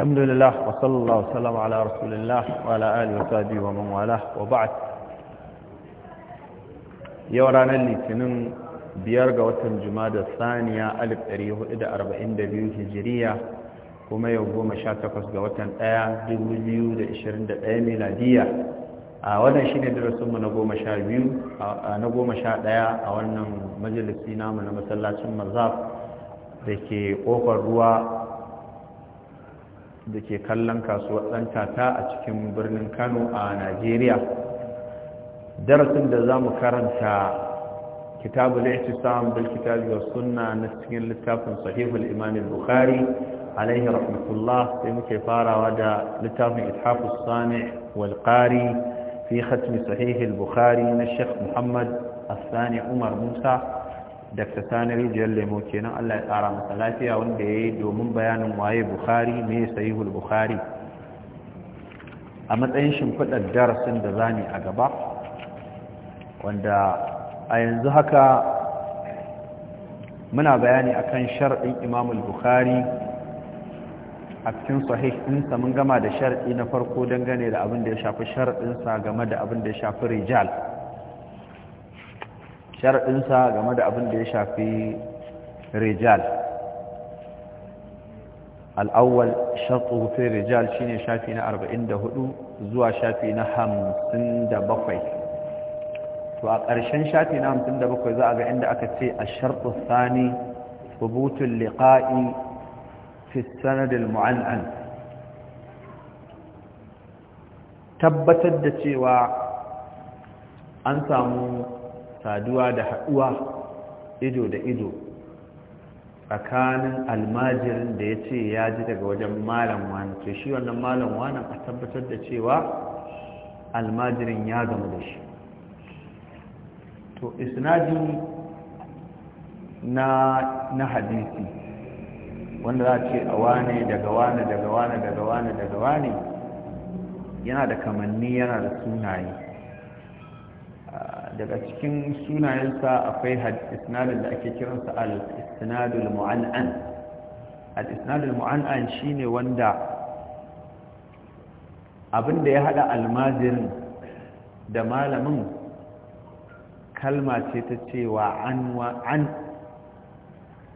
الحمد لله وصلى الله وسلم على رسول الله وعلى آله وصحبه ومن والاه وبعد يورانا الاثنين بيرغ وطن جماد الثانية ألف أريه إذا أربعين دبيو هجرية كما يوم شاتكس وطن آية دبيو دا إشرين دا آية ميلادية wannan shine darasinmu na goma sha biyu na goma sha ɗaya a wannan majalisi namu na masallacin mazaf da ke ƙofar ruwa da ke kallon kasuwar ɗan tata a cikin birnin kano a najeriya darasin da za mu karanta kitabul ihtisam bil kitabi was sunna na cikin littafin sahihul imam al-bukhari alaihi rahmatullah sai muke farawa da littafin ithafus sani wal qari fi khatmi sahih al-bukhari na sheikh muhammad sani umar musa. Dr. Sani Rijiyar Lemo kenan Allah ya tsara masa lafiya wanda ya yi domin bayanin waye Bukhari ne sahihul Bukhari. A matsayin shimfiɗar darasin da zani a gaba, wanda a yanzu haka muna bayani a kan sharɗin Imamul Bukhari a cikin sahih ɗinsa mun gama da sharɗi na farko dangane da abin da ya shafi sharɗinsa game da abin da ya shafi rijal. sharaɗinsa game da abin da ya shafi rijal al'awwal sharɗu fi rijal shi ne shafi na 44 zuwa shafi na 57 to a ƙarshen shafi na 57 za a ga inda aka ce a sharɗu sani rubutun liƙa'i fi sanadin mu'an'an tabbatar da cewa an samu saduwa da haduwa ido da ido tsakanin almajirin da ya ce ya ji daga wajen malam wani to shi wannan malam wani a tabbatar da cewa almajirin ya zama da shi to isnadi na na hadisi wanda za ce a wane daga wane daga wane daga wane daga wane yana da kamanni yana da sunaye daga cikin sunayensa akwai isnadin da ake kiransa al-isnadul mu'an'an al-isnadul mu'an'an shine wanda abinda ya hada almazirin da malamin kalma ce ta cewa an wa an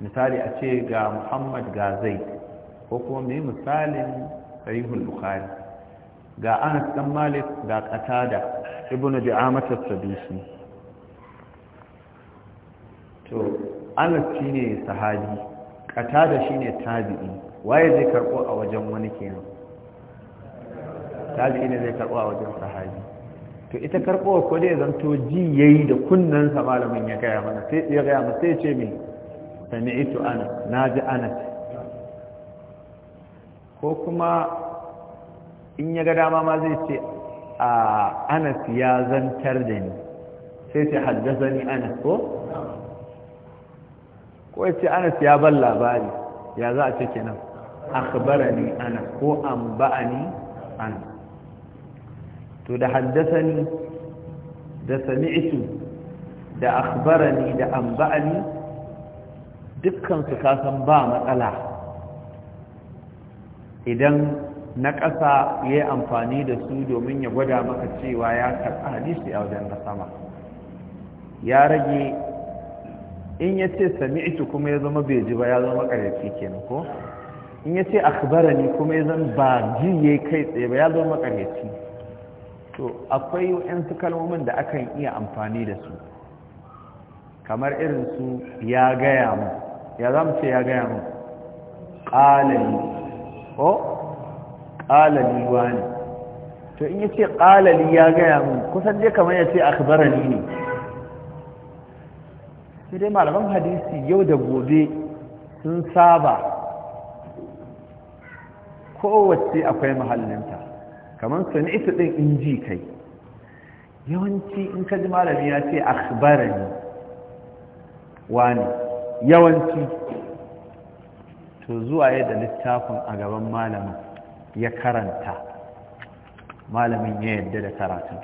misali a ce ga muhammad ga zai ko kuma mai misalin sahihul bukhari ga anas dan malik ga qatada ibnu du'amat as-sabisi to anas shine sahabi qatada shine tabi'i waye zai karbo a wajen wani kenan tabi'i ne zai karbo a wajen sahabi to ita karbo ko dai zanto ji yayi da kunnan sa malamin ya gaya mana sai ya gaya mana sai ce me sami'tu ana naji anas ko kuma in ya ga dama ma zai ce a anas ya zantar da ni sai ce haddasa ni anas ko? ko ya ce anas ya ban labari ya za a ce nan akhbara ni anas ko an ba'a ni anas to da haddasa ni da sami'itu da akhbara ni da an ba'a ni dukkan su kasan ba matsala idan na ƙasa ya yi amfani da su domin ya gwada maka cewa ya karɓi hadisi a wajen na sama ya rage in ya ce sami ita kuma ya zama bai ji ba ya zama ƙarfi kenan ko in ya ce akbarani kuma ya zama ba ji ya yi kai tsaye ba ya zama ƙarfi to akwai su kalmomin da akan iya amfani da su kamar irin su ya gaya mu ya za mu ce ya gaya mu ƙalali ko ƙalali wani to in yace ƙalali ya gaya mun kusan dai kamar ya ce akhbarani ne sai dai malaman hadisi yau da gobe sun saba kowace akwai mahallinta kamar sun isa ɗin in ji kai yawanci in ka ji malami ya ce akhbarani wani yawanci to zuwa yadda littafin a gaban malamin ya karanta malamin ya yadda da karatun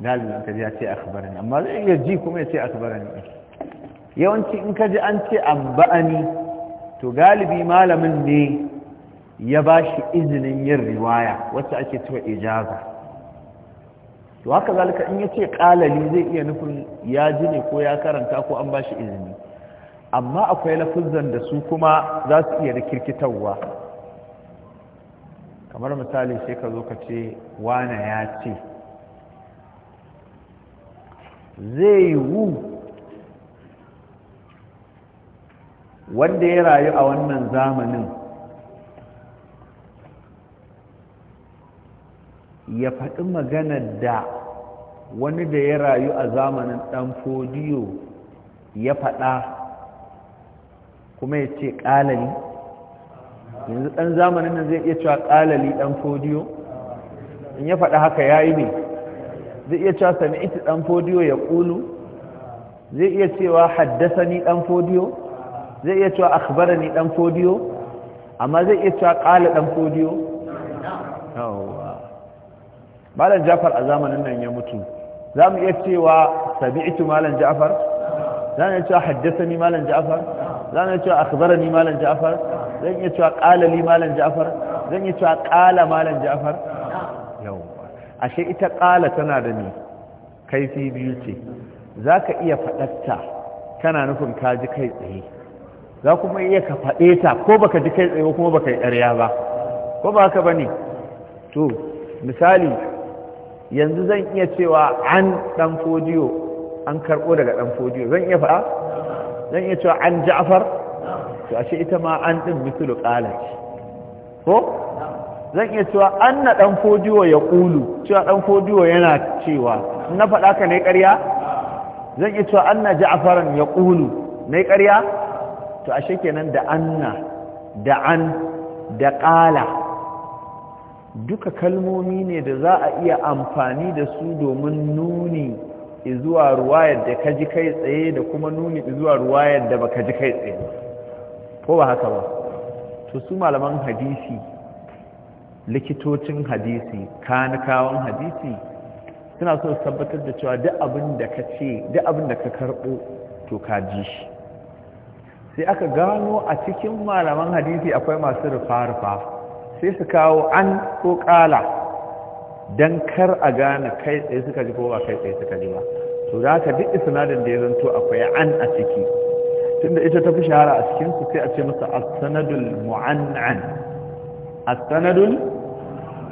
galibin ka ji ya ce akhbarani amma zai iya ji kuma ya ce akhbarani yawanci in ka ji an ce abba'ani to galibi malamin ne ya ba shi izinin yin riwaya wacce ake cewa ijaza to haka zalika in ya ce kalali zai iya nufin ya ji ne ko ya karanta ko an ba shi izini amma akwai lafuzan da su kuma za su iya rikirkitarwa kamar misali sai ka zo ka ce wana ya ce zai wu wanda ya rayu a wannan zamanin ya faɗi maganar da wani da ya rayu a zamanin ɗan fodiyo ya faɗa kuma ya ce ƙalani yanzu ɗan zamanin nan zai iya cewa ƙalali ɗan fodiyo in ya faɗa haka ya yi ne zai iya cewa sami'iti ɗan fodiyo ya ƙulu zai iya cewa haddasa ni ɗan fodiyo zai iya cewa akhbara ni ɗan fodiyo amma zai iya cewa ƙala ɗan fodiyo malam jafar a zamanin nan ya mutu za mu iya cewa sami'tu malam jafar za mu iya cewa haddasa ni malam jafar za mu iya cewa akhbara ni malam jafar zan iya cewa ƙala li malam ja'far zan iya cewa ƙala malam ja'far yawwa ashe ita ƙala tana da ni kaifi biyu ce za ka iya faɗarta kana nufin ka ji kai tsaye za kuma iya ka faɗe ta ko baka ji kai tsaye kuma baka yi ƙarya ba ko ba haka ne. to misali yanzu zan iya cewa an ɗan fodiyo an karɓo daga ɗan fodiyo zan iya faɗa zan iya cewa an ja'far to ashe ita ma an ɗin mislu ƙala ko zan iya cewa an na ɗan ya kulu. cewa ɗan fodiwo yana cewa na fada ka ne ƙarya zan iya cewa an na ya kulu ne ƙarya to ashe kenan da anna da an da ƙala duka kalmomi ne da za a iya amfani da su domin nuni zuwa ruwayar da ka ji kai tsaye da kuma nuni zuwa ruwayar da baka ji kai tsaye ko ba haka ba to su malaman hadisi likitocin hadisi kanikawan hadisi suna so su tabbatar da cewa duk abin da ka ce duk abin da ka karɓo to ka ji shi sai aka gano a cikin malaman hadisi akwai masu rufa-rufa sai su kawo an ko ƙala don kar a gane kai tsaye suka ji ko ba kai tsaye suka ji ba to da haka duk sinadin da ya zanto akwai an a ciki tunda ita ta fi shahara a cikin su sai a ce masa as-sanadul mu'an'an as-sanadul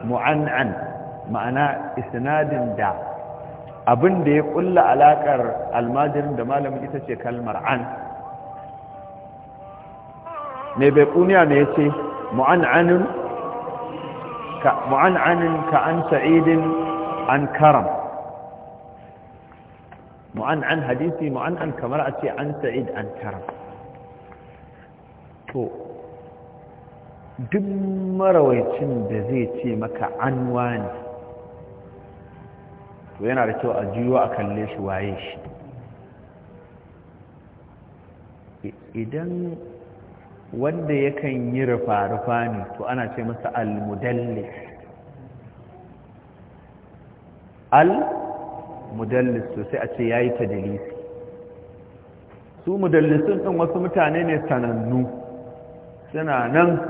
mu'an'an ma'ana isnadin da abin da ya kulla alakar almajirin da malamin ita ce kalmar an mai bai kuniya ne ya ce mu'an'anin ka an sa'idin an karam mu'an'an hadisi mu'an'an kamar a ce an sa'id an tara to duk marawaicin da zai ce maka an wani to yana da kyau a jiyo a kalle shi waye shi idan wanda yakan yi rufa-rufa ne to ana ce masa al-mudallis al mudallis to sai a ce ya yi tadalisi su mudallisun ɗin wasu mutane ne sanannu suna nan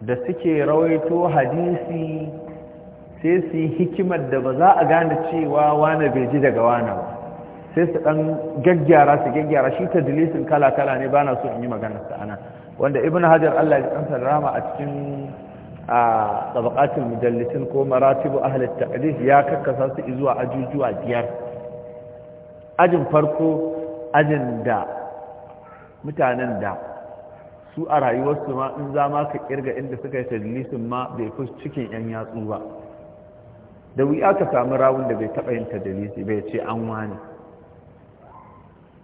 da suke rawaito hadisi sai su yi hikimar da ba za a gane cewa wane bai ji daga wane ba sai su ɗan gaggyara su gaggyara shi tadlisin kala-kala ne ba na so in yi maganarsa ana wanda ibn hajar allah ya ɗansa rama a cikin a tabaqatul mujallisin ko maratibu ahli at ya kakkasa su zuwa ajujuwa biyar ajin farko ajin da mutanen da su a rayuwarsu ma in za ma ka kirga inda suka yi tadlisin ma bai fi cikin yan yatsu ba da wuya ka samu rawun da bai taɓa yin tadlisi bai ce an wani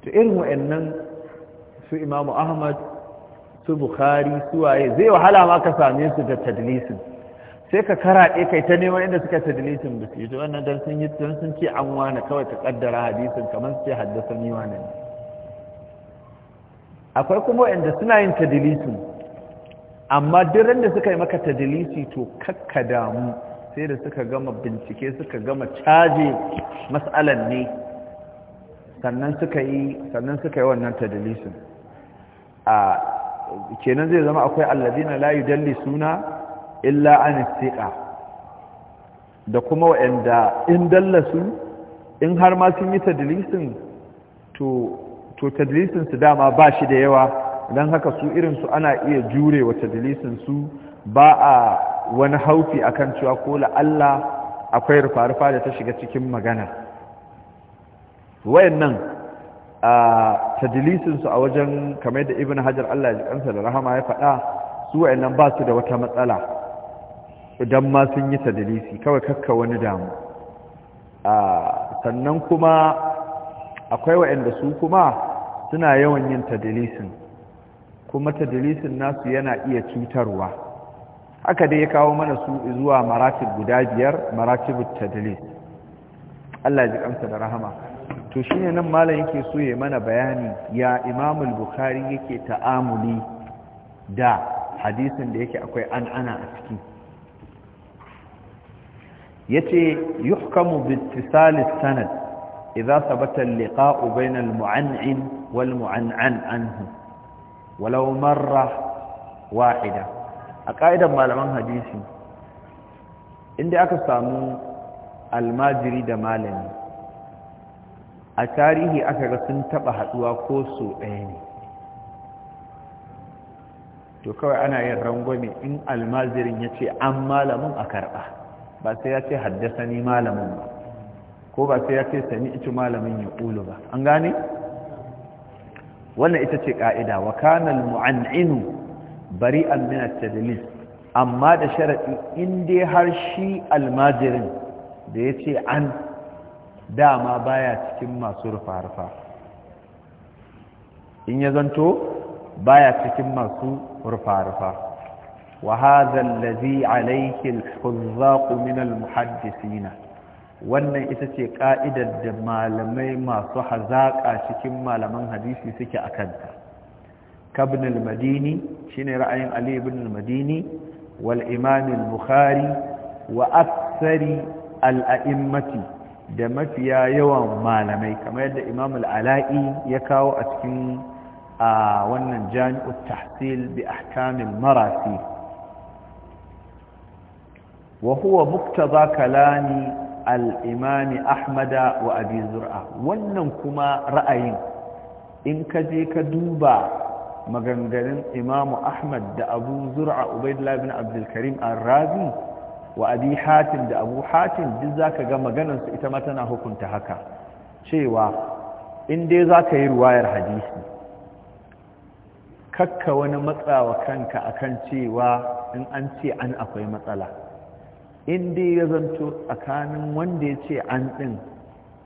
to irin wa'annan su imamu ahmad su bukhari su waye zai wahala ma ka same su da tadlisin sai ka karaɗe kai ta neman inda suka tadlisin ba su yi wannan dan sun yi dan sun ce an wani kawai ka kaddara hadisin kamar su ce haddasa ni wani akwai kuma inda suna yin tadlisin amma duk da suka yi maka tadlisi to kakka damu sai da suka gama bincike suka gama caje matsalan ne sannan suka yi sannan suka yi wannan tadlisin a kenan zai zama akwai alladina la suna illa an da kuma wa'anda in dallasu in har ma sun yi tadlisin to to su dama ba shi da yawa dan haka su irin su ana iya jure wa tadlisin su ba a wani haufi akan cewa ko la akwai rufa-rufa da ta shiga cikin magana wayannan a tadilisinsu a wajen kamar da ibn hajar allah ya kansa da rahama ya faɗa su wa'annan ba su da wata matsala idan ma sun yi tadilisi kawai kakka wani damu sannan kuma akwai wa'anda su kuma suna yawan yin tadilisin kuma tadilisin nasu yana iya cutarwa haka dai ya kawo mana su zuwa maratib guda biyar maratibut tadilis Allah ji kansa da rahama to shine nan malam yake so ya mana bayani ya imamul al-Bukhari yake ta'amuli da hadisin da yake akwai an'ana a ciki yace yuhkamu bi ittisal sanad idan thabata al-liqa'u bayna muanin wal-mu'an'an anhu walau marra wahida a ka'idan malaman hadisi inda aka samu almajiri da malami a tarihi aka ga sun taba haduwa ko so ɗaya ne to kawai ana yin rangwame in almazirin ya ce an malamin a karɓa ba sai ya ce haddasa ni malamin ba ko ba sai ya ce sami ici malamin ya ƙulu ba an gane? wannan ita ce ƙa'ida wa kanal mu'an'inu bari alminar tadlis amma da sharaɗi in dai har shi almajirin da ya ce an dama baya cikin masu rufa-rufa in ya zanto baya cikin masu rufa-rufa wa hadha allazi muhaddisina wannan ita ce ka'idar da malamai masu hazaƙa cikin malaman hadisi suke akanta kabn al-madini shine ra'ayin ali al-madini wal imam bukhari wa aksari al da mafiya yawan malamai kamar yadda imam al'ala'i ya kawo a cikin a wannan jami'ut tahsil bi ahkamil marasi wa huwa muktaza kalami al'imami ahmada wa abi zur'a wannan kuma ra'ayin in ka je ka duba maganganun imamu ahmad da abu zur'a ubaidullah bin abdulkarim al-razi wa abi hatim da abu hatim duk za ka ga maganarsu ita ma tana hukunta haka cewa in dai za ka yi ruwayar hadisi kakka wani matsawa kanka akan cewa in an ce an akwai matsala in dai ya zanto tsakanin wanda ya ce an ɗin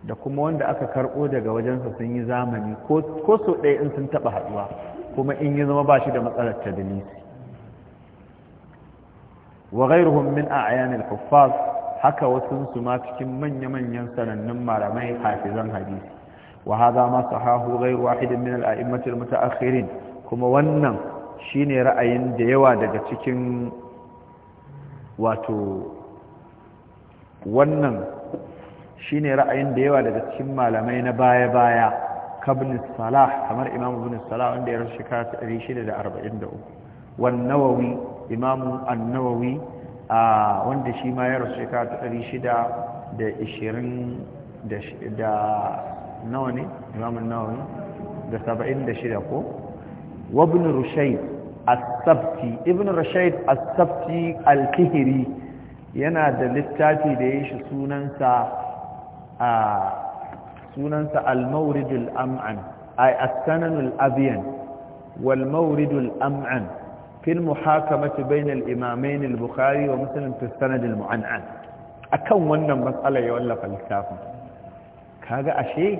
da kuma wanda aka karɓo daga wajensa sun yi zamani ko so ɗaya in sun taɓa haɗuwa kuma in ya zama ba shi da matsalar ta dalisi wa ghairuhum min a'yan al-huffaz haka wasu su ma cikin manya-manyan sanannun malamai hafizan hadisi wa hadha ma sahahu ghairu wahidin min al-a'immati al-mutaakhirin kuma wannan shine ra'ayin da yawa daga cikin wato wannan shine ra'ayin da yawa daga cikin malamai na baya-baya kabin salah kamar imamu ibn salah wanda ya rasu shekara 643 wan nawawi imamu annawawi a wanda shi ma ya rasu shekara ta ɗari shida da ishirin da nawa ne imamun nawawi da saba'in da shida ko wabin rushaid asabti ibn rushaid asabti alkihiri yana da littafi da ya shi sunansa a sunansa al-mawridul am'an ay as-sananul abyan wal mawridul am'an في المحاكمة بين الإمامين البخاري ومسلم في السند المعنعن أكون ونن مسألة يولف الكتاب كاغا أشي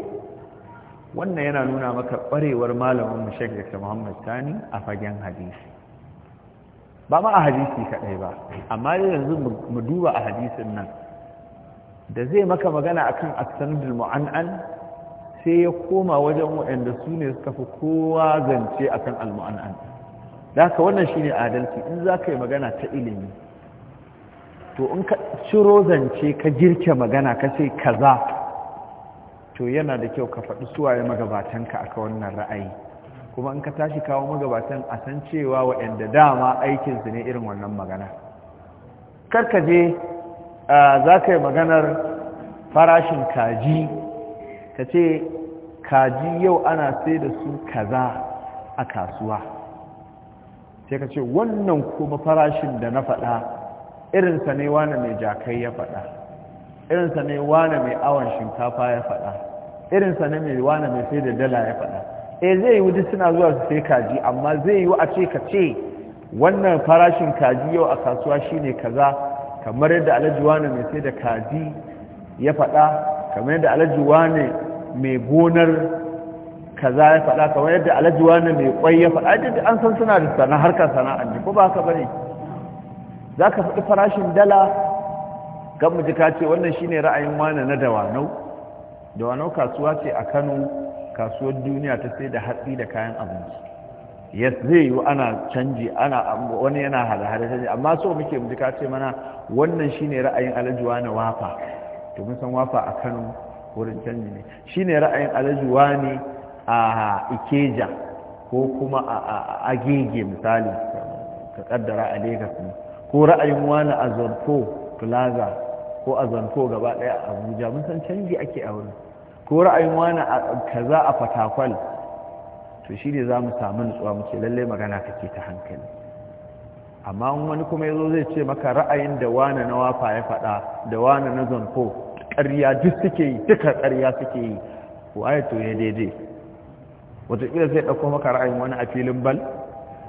ونن ينالونا مكا قري ورمالا ومشكك محمد ثاني أفجان حديثي ba ma a hadisi kaɗai ba amma yanzu mu duba a hadisin nan da zai maka magana akan asanidul mu'an'an sai ya koma wajen waɗanda su ne suka fi kowa zance akan al da haka wannan ne adalci in za ka yi magana ta ilimi to in ka ciro zance ka girke magana ka ce kaza to yana da kyau ka faɗi suwaye magabatanka aka wannan ra'ayi kuma in ka tashi kawo magabatan a san cewa waɗanda dama aikinsu ne irin wannan magana karka je za ka yi maganar farashin kaji ka ce kaji yau ana sai da su kaza a kasuwa sai ka ce wannan kuma farashin da na faɗa irinsa ne wane mai jakai ya faɗa irinsa ne wane mai awon shinkafa ya faɗa irinsa ne mai wane mai sai da dala ya faɗa e zai yi wuce suna zuwa su sai kaji amma zai yi a ce ka ce wannan farashin kaji yau a kasuwa shine kaza kamar yadda alhaji wane mai sai da kaji ya faɗa kamar yadda alhaji wane mai gonar kaza ya faɗa kamar yadda alhaji wani mai kwai ya faɗa duk an san suna da sana harkar sana'a ne ko ba ka bane za ka faɗi farashin dala kan mu ji ka ce wannan shine ra'ayin wani na dawanau dawanau kasuwa ce a kano kasuwar duniya ta sai da hatsi da kayan abinci ya zai yi ana canji ana wani yana hada-hada canji amma so muke mu ji ka ce mana wannan shine ra'ayin alhaji wani wafa to mun san wafa a kano wurin canji ne shine ra'ayin alhaji wani a ikeja ko kuma a agege misali ka kaddara a lagos ne ko ra'ayin wani a zonto plaza ko a zonto gaba daya a abuja mun san canji ake a wurin ko ra'ayin wani a kaza a fatakwal to shi ne za mu samu nutsuwa muke lallai magana kake ta hankali amma wani kuma ya zo zai ce maka ra'ayin da wani na wafa ya fada da wani na zonto ƙarya duk suke yi duka ƙarya suke yi waye to ya daidai watakila zai ɗauko maka ra'ayin wani a filin bal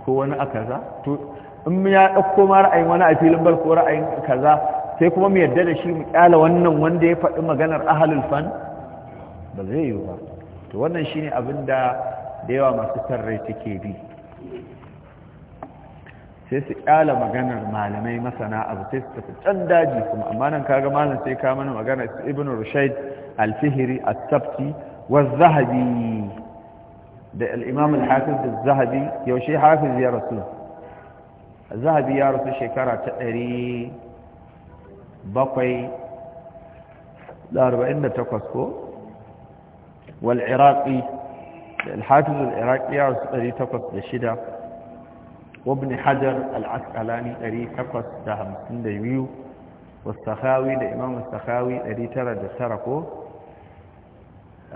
ko wani a kaza in ya ɗauko ma ra'ayin wani a filin bal ko ra'ayin kaza sai kuma mu yadda da shi mu ƙyala wannan wanda ya faɗi maganar ahalul fan ba zai yi ba to wannan shine abin da da yawa masu tarrai suke bi sai su ƙyala maganar malamai masana abu sai su tafi can daji kuma amma nan kaga malam sai ka mana magana, ibn rushaid al-fihri as-sabti wa zahabi الإمام الحافظ الزهدي الزهبي يوشي حافظ يا رسول الزهبي يا رسول شكرا تأري بقي لأربعين تقصكو والعراقي الحافظ العراقي يا رسول أري تقص بشدة وابن حجر العسقلاني أري تقص دهم سندويو والسخاوي ده إمام السخاوي أري ترى جسركو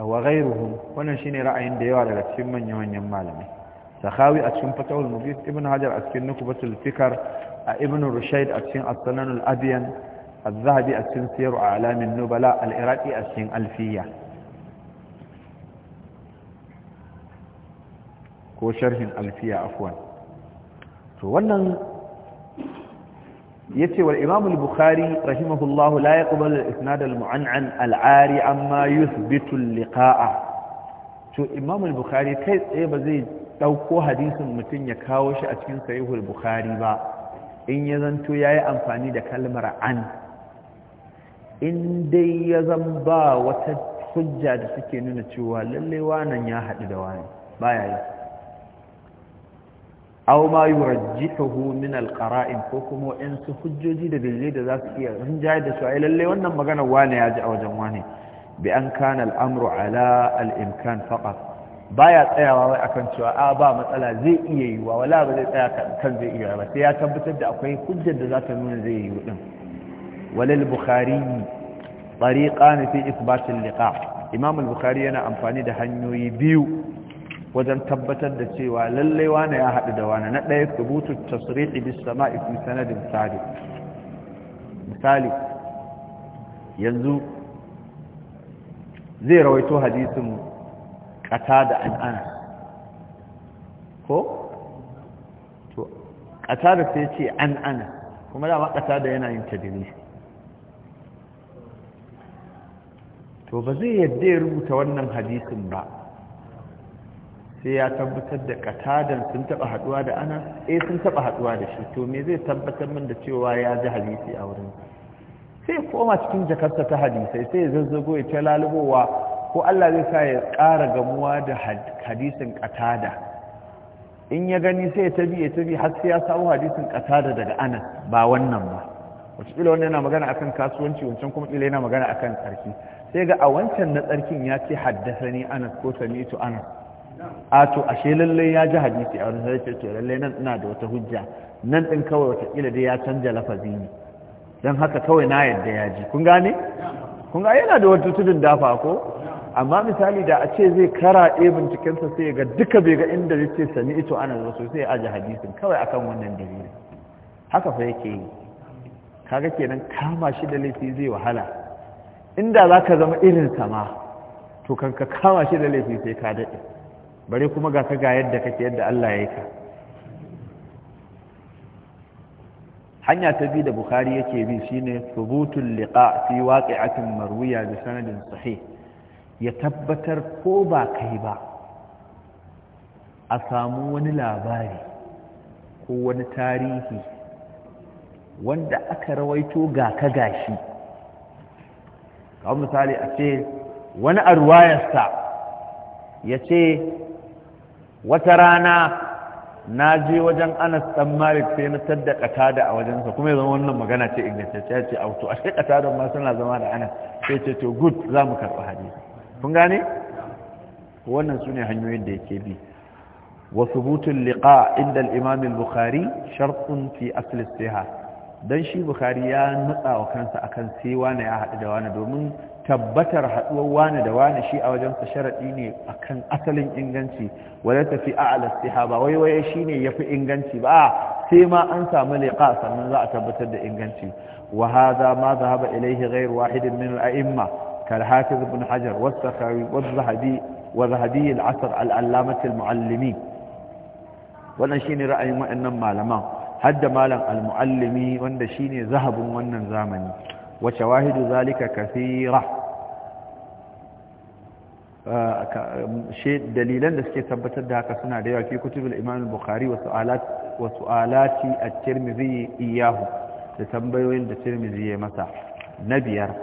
wa ghairuhum wannan shine ra'ayin da yawa daga cikin manyan malamai sakhawi a cikin fatawul mubin ibn hajar a cikin nukubatul fikar a ibn rushayd a cikin as-sanan al-adyan az-zahabi a cikin siyar a'lam an-nubala al-iraqi a cikin alfiya ko sharhin alfiya afwan to wannan yace wal imam al-bukhari rahimahullah la yaqbal al-isnad al-mu'an'an al-ari amma yuthbitu al-liqa'a to imam al-bukhari kai tsaye ba zai dauko hadisin mutun ya kawo shi a cikin sahihul bukhari ba in ya zanto yayi amfani da kalmar an in dai ya zan ba wata hujja da suke nuna cewa lallai wannan ya haɗu da wani baya yi aw ma yurajjihuhu min alqara'in ko kuma waɗansu hujjoji da dalilai da za su iya rinjaye da su ai lalle wannan magana wane ya ji a wajen wane bi an kana al'amru ala al'imkan faqat baya tsayawa wai akan cewa a ba matsala zai iya yiwa wala ba zai tsaya kan zai iya ba sai ya tabbatar da akwai hujjar da za ta nuna zai yiwu din walal bukhari tariqan fi ithbat al-liqa imam al-bukhari yana amfani da hanyoyi biyu wajen tabbatar da cewa lallai wane ya haɗu da wane na ɗaya rubutu tasrihi bis sama'i fi sanadin sadiq misali yanzu zai rawaito hadisin ƙata da an'ana ko? to ƙata da sai ce an'ana kuma dama ƙata da yana yin tadiri to ba zai yadda ya rubuta wannan hadisin ba sai ya tabbatar da katadan sun taba haduwa da ana eh sun taba haduwa da shi to me zai tabbatar min da cewa ya ji hadisi a wurin sai koma cikin jakarta ta hadisai sai ya zazzago ya ta lalubowa ko Allah zai sa ya ƙara gamuwa da hadisin katada in ya gani sai ya tabi ya tabi har sai ya samu hadisin katada daga ana ba wannan ba wacce wannan yana magana akan kasuwanci wancan kuma ila yana magana akan tsarki sai ga a wancan na tsarkin ya ce haddasa ni anas ko sami'tu anas a to ashe lalle ya ji hadisi a wani sarki to lalle nan ina da wata hujja nan ɗin kawai watakila dai ya canja lafazi ne don haka kawai na yadda ya ji kun gane kun ga yana da wata tudun dafa ko amma misali da a ce zai kara binciken sa sai ga duka bai ga inda zai ce sami ito ana zo sai aji hadisin kawai akan wannan dalilin haka fa yake yi kaga kenan kama shi da laifi zai wahala inda zaka zama irin sama to kan kama shi da laifi sai ka daɗe bare kuma ga ka ga yadda kake yadda Allah ya yi ka hanya ta bi da bukhari yake bi shine subutul liqa fi waqi'atin marwiya bi sanadin sahih ya tabbatar ko ba kai ba a samu wani labari ko wani tarihi wanda aka rawaito ga ka gashi kawai misali a ce wani arwayarsa yace ya ce wata rana na je wajen anas dan malik sai na tadda katada a wajensa kuma yanzu wannan magana ce ingantacce ya ce a to ashe katadan ma suna zama da anas sai ce to good za mu karɓi hadisi kun gane wannan su ne hanyoyin da yake bi wasu butun liƙa inda al bukhari shartun fi asl as don shi bukari ya nutsa wa kansa akan sai wane ya haɗu da wane domin tabbatar haɗuwar wane da wane shi a wajensa sharaɗi ne akan asalin inganci wadda tafi a alastiha ba waiwaye shi ne ya fi inganci ba sai ma an samu liƙa sannan za a tabbatar da inganci wa haza ma zahaba ilaihi ghairu wahidin min al'imma kal hafiz ibn hajar was-sakhawi wa zahabi al-asr muallimi wannan ra'ayin waɗannan malaman hadda malam al-muallimi wanda shine zahabun wannan zamani wa wahidu zalika kathira ah, dalilan da suke tabbatar da haka suna da yawa fi kutubul imam al-bukhari wa su'alati at-tirmidhi iyahu da tambayoyin da tirmidhi ya masa na biyar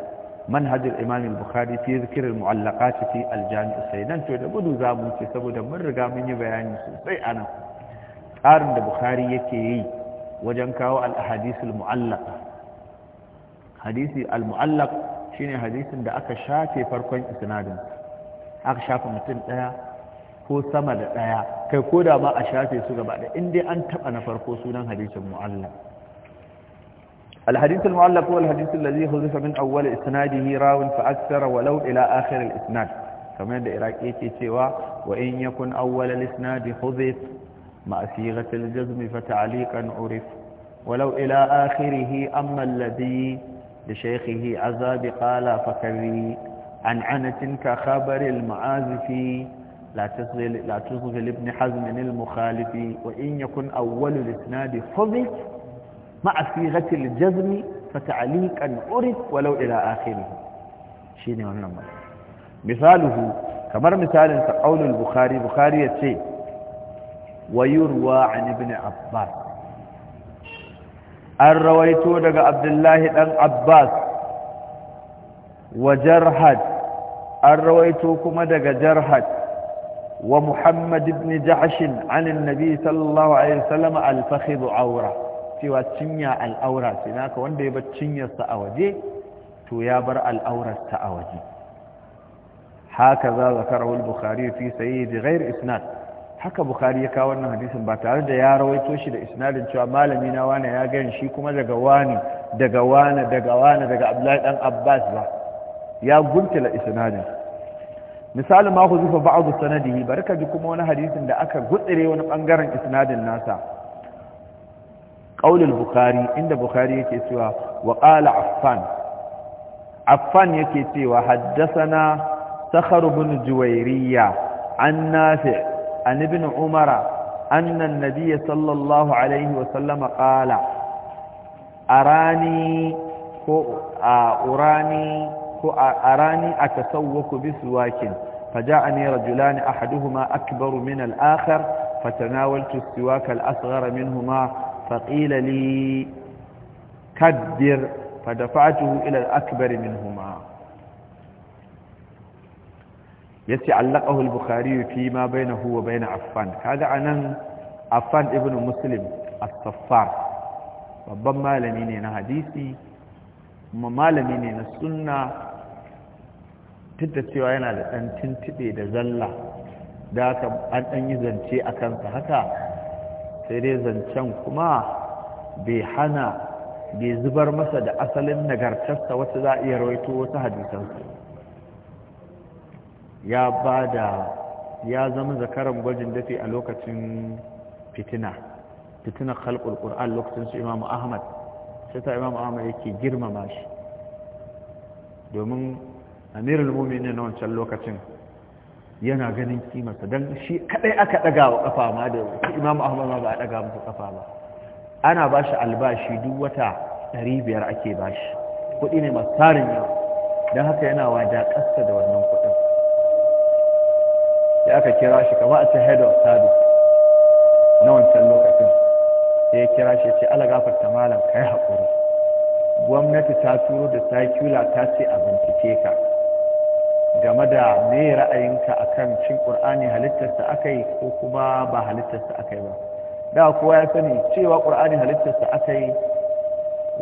manhajar imam al-bukhari fi zikr al-mu'allaqat fi al-jami' sayyidan to da gudu zamu ce saboda mun riga mun yi bayani sosai anan tsarin da bukhari yake yi wajen kawo al’adisul mu’allak hadisi al-mu’allak shine hadisin da aka shafe farkon isnadin aka shafe mutum ɗaya ko sama da ɗaya kai ko da ba a shafe su gaba da inda an taɓa na farko sunan hadisin mu’allak al-hadisul mu’allak ko al-hadisul lazi huzu fa min awwal isnadi hirawun fa aksara walau ila akhir al-isnad kamar yadda iraki yake cewa wa in yakun awwal al-isnadi huzu مع صيغة الجزم فتعليقا عرف ولو إلى آخره أما الذي لشيخه عذاب قال فكري عن عنة كخبر المعازف لا تصغي لا تصغي لابن حزم المخالف وإن يكن أول الإسناد فضف مع صيغة الجزم فتعليقا عرف ولو إلى آخره شيني ونمر مثاله كمر مثال قول البخاري بخاري يتشيه ويروى عن ابن عباس الرويتو دغ عبد الله بن عباس وجرحد kuma كما دغ جرحد ومحمد بن جعش عن النبي صلى الله عليه وسلم الفخذ عوره cewa cinya al'aura ce naka wanda ya bar cinyarsa a waje to ya bar al'aurarsa a waje haka za ka al-bukhari fi sayyid isnad haka bukari ya kawo wannan hadisin ba tare da ya rawaito shi da isnadin cewa malami na wane ya gani shi kuma daga wani daga wani daga wani daga abdullahi dan abbas ba ya guntula isnadin misali ma ku zufa ba'adu sanadihi bari ji kuma wani hadisin da aka gutsire wani bangaren isnadin nasa qaulul bukhari inda bukhari yake cewa wa qala affan affan yake cewa haddathana sakhar ibn juwayriya an nafi' an ibn umara annan nabiy sallallahu alaihi wasallam qala arani ko urani ko arani atasawwaku biswakin فجاءني رجلان أحدهما أكبر من الآخر فتناولت السواك الأصغر منهما فقيل لي كدر فدفعته إلى الأكبر منهما yace allaqahu al-bukhari fi ma bainahu wa bain affan kaga anan affan ibn muslim as-saffar babban malami ne na hadisi kuma malami ne na sunna tunda cewa yana da dan tintibe da zalla da haka an dan yi zance a kansa haka sai dai zancen kuma bai hana bai zubar masa da asalin nagartarsa wata za a iya rawaito wasu hadisansu. ya ba da ya zama zakaran gwajin dafi a lokacin fitina fitina halkul ƙur'an lokacin su imamu ahmad sai ta imamu ahmad yake girmama shi domin amirul mumini na wancan lokacin yana ganin kimarsa don shi kadai aka daga wa kafa ma da imamu ahmad ma ba a daga musu kafa ba ana ba shi albashi duk wata 500 ake ba shi kuɗi ne masu tarin yawa don haka yana wada ƙasta da wannan kuɗin ya aka kira shi kama a ce head of service na wancan lokacin sai ya kira shi ya ce ala gafar ta malam ka yi haƙuri gwamnati ta turo da circular ta ce a bincike ka game da me ra'ayinka a kan cin ƙur'ani halittarsa aka yi ko kuma ba halittarsa aka yi ba da kowa ya sani cewa ƙur'ani halittarsa aka yi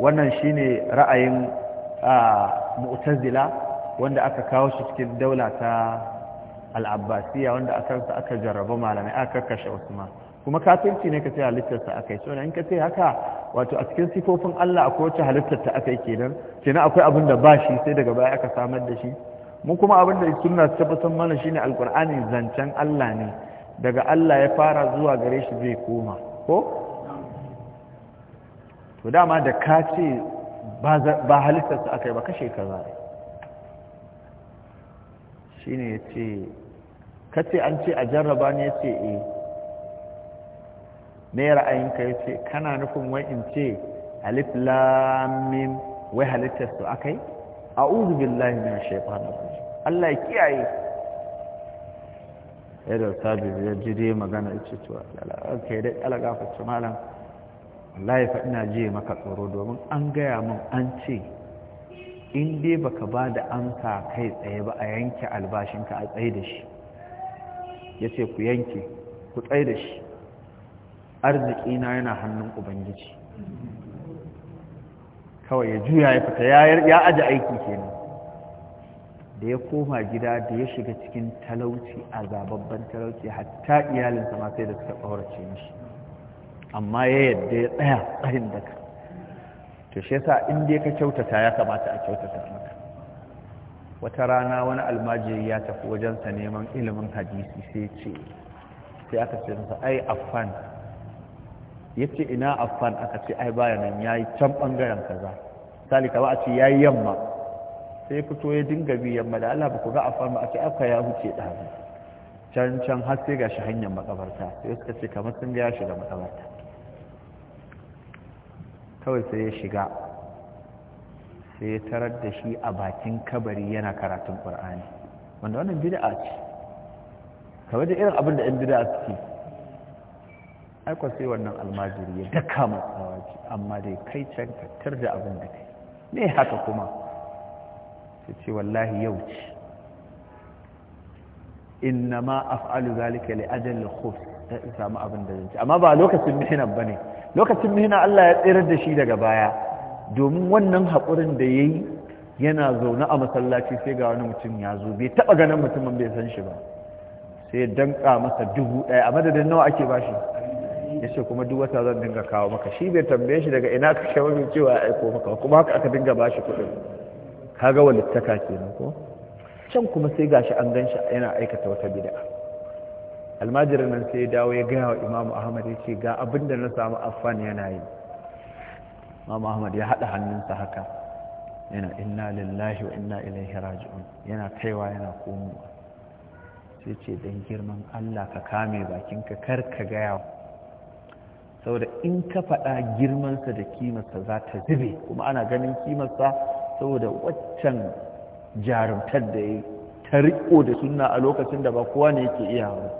wannan shine ra'ayin a ah, mu'tazila wanda aka kawo shi cikin daula ta al'abbasiya wanda a kansa aka jarraba malamai aka kashe usman kuma kafinci ne ka ce halittarsa aka yi so in ka ce haka wato a cikin sifofin Allah akwai wacce halittarta aka yi kenan kenan akwai abin da ba shi sai daga baya aka samar da shi mun kuma abin da sunna ta tabbatar mana shine alqur'ani zancen Allah ne daga Allah ya fara zuwa gare shi zai koma ko to dama da ka ce ba halittarsa aka yi ba kashe ka ne shine ce. kace an ce a jarraba ne yace e me ra'ayinka ce kana nufin wai in ce alif lamim wai halittar su akai a'udhu billahi minash na rajim Allah ya kiyaye ya da sabi ya dai magana yace to okay dai alaga fa malam ya faɗi ina ji maka tsoro domin an gaya min an ce in dai baka ba da amsa kai tsaye ba a yanke albashinka a tsaye da shi ya ce ku yanke ku tsaye da shi arziki na yana hannun ubangiji kawai ya juya ya fita ya aji aiki kenan da ya koma gida da ya shiga cikin talauci a zababban talauci hatta iyalinsa ma sai da suka tsorace mishi amma ya yadda ya tsaya tsayin daga to shi yasa in dai ka kyautata ya kamata a kyautata maka wata rana wani almajiri ya tafi wajensa neman ilimin hadisi sai ce sai aka ce masa ai affan ya ce ina affan aka ce ai baya nan ya yi can ɓangaren kaza salika ba a ce ya yi yamma sai fito ya dinga bi yamma da allah ba ku ga affan ba a ce aka ya huce ɗazu can can har sai ga shi hanyar makabarta sai suka ce kamar sun ga ya shiga makabarta kawai sai ya shiga sai ya tarar da shi a bakin kabari yana karatun ƙwar'ani wanda wannan bida'a ce kamar da irin abin da 'yan bida'a suke aikwa sai wannan almajiri ya daka matsawa ce amma dai kai can tattar da abin da kai ne haka kuma su ce wallahi yau ce inna ma af'alu zalika li ajal khuf da samu abin da zan ci amma ba lokacin mihina bane lokacin mihina Allah ya tsirar da shi daga baya domin wannan haƙurin da ya yi yana zaune a masallaci sai ga wani mutum ya zo bai taɓa ganin mutumin bai san shi ba sai danka masa dubu ɗaya a madadin nawa ake ba shi ya ce kuma duk wata zan dinga kawo maka shi bai tambaye shi daga ina ka mai cewa ya aiko maka kuma haka aka dinga ba shi kuɗin kaga walittaka kenan ko can kuma sai ga shi an gan shi yana aikata wata bid'a almajirin nan sai ya dawo ya gaya wa imamu ahmad ya ce ga abin da na samu affan yana yi Imam Ahmad ya haɗa hannunsa haka yana inna lillahi wa inna ilaihi raji'un yana kaiwa yana komowa sai ce dan girman Allah ka kame bakinka kar ka gaya saboda in ka faɗa girmansa da kimarsa za ta zube kuma ana ganin kimarsa saboda waccan jarumtar da ya ta riƙo da sunna a lokacin da ba kowa ne yake iya ba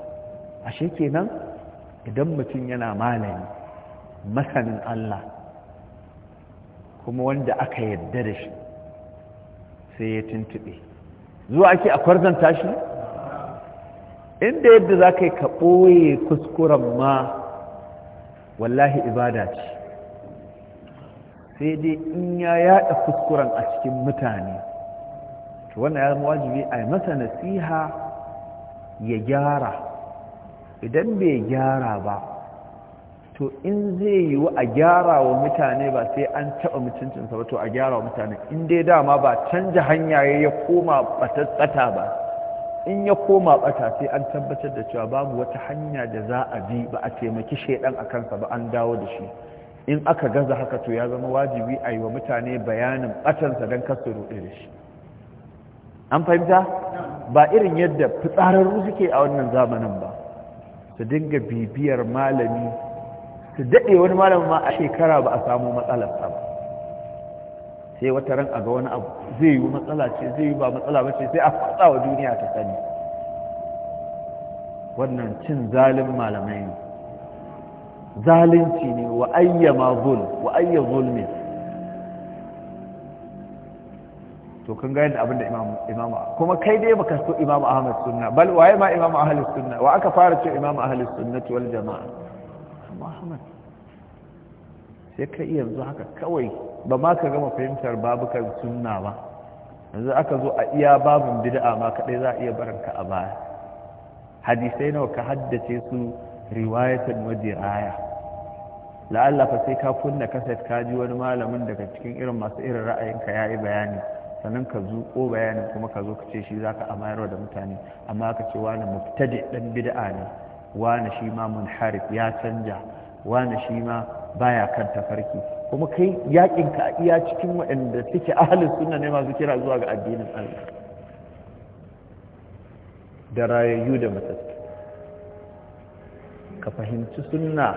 ashe kenan idan mutum yana malami masanin Allah kuma wanda aka yadda da shi sai ya tuntube zuwa ake a kwarzanta shi inda yadda za ka yi ka ɓoye kuskuren ma wallahi ibada ce sai dai in ya yada kuskuren a cikin mutane to wannan ya zama wajibi a yi masa nasiha ya gyara idan bai gyara ba to in zai yi wa a gyara wa mutane ba sai an taɓa mutuncinsa ba to a gyara wa mutane in dai dama ba canja hanya ya koma batattata ba in ya koma bata sai an tabbatar da cewa babu wata hanya da za a bi ba a taimaki shaidan a kansa ba an dawo da shi in aka gaza haka to ya zama wajibi a yi wa mutane bayanin batansa don kasu ruɗe da shi an fahimta ba irin yadda fitsararru suke a wannan zamanin ba su dinga bibiyar malami su daɗe wani malamin ma a shekara ba a samu matsalar ba sai wata ran a ga wani abu zai yi matsala ce zai yi ba matsala ba ce sai a fatsa wa duniya ta sani wannan cin zalin malamai ne zalunci ne wa ayyama zulm wa ayya zulmin to kan gane abin da imamu imamu kuma kai dai baka so imamu ahmad sunna bal waye ma imamu ahlus sunna wa aka fara ce imamu ahlus sunnati wal jamaa ahmad sai ka iya yanzu haka kawai ba ma ka gama fahimtar babukan sunna ba yanzu aka zo a iya babin bid'a ma kaɗai za a iya baranka a baya hadisai nawa ka haddace su riwayatan wa diraya la'alla fa sai ka kunna kaset ka ji wani malamin daga cikin irin masu irin ra'ayinka ya yi bayani sannan ka zuƙo bayanin kuma ka zo ka ce shi zaka ka amayarwa da mutane amma ka ce wani mubtadi dan bid'a ne wani shi ma munharif ya canja wani shi ma baya kan tafarki kuma kai yakin ka iya cikin waɗanda suke ahalin suna ne masu kira zuwa ga addinin Allah da rayayyu da matattu ka fahimci suna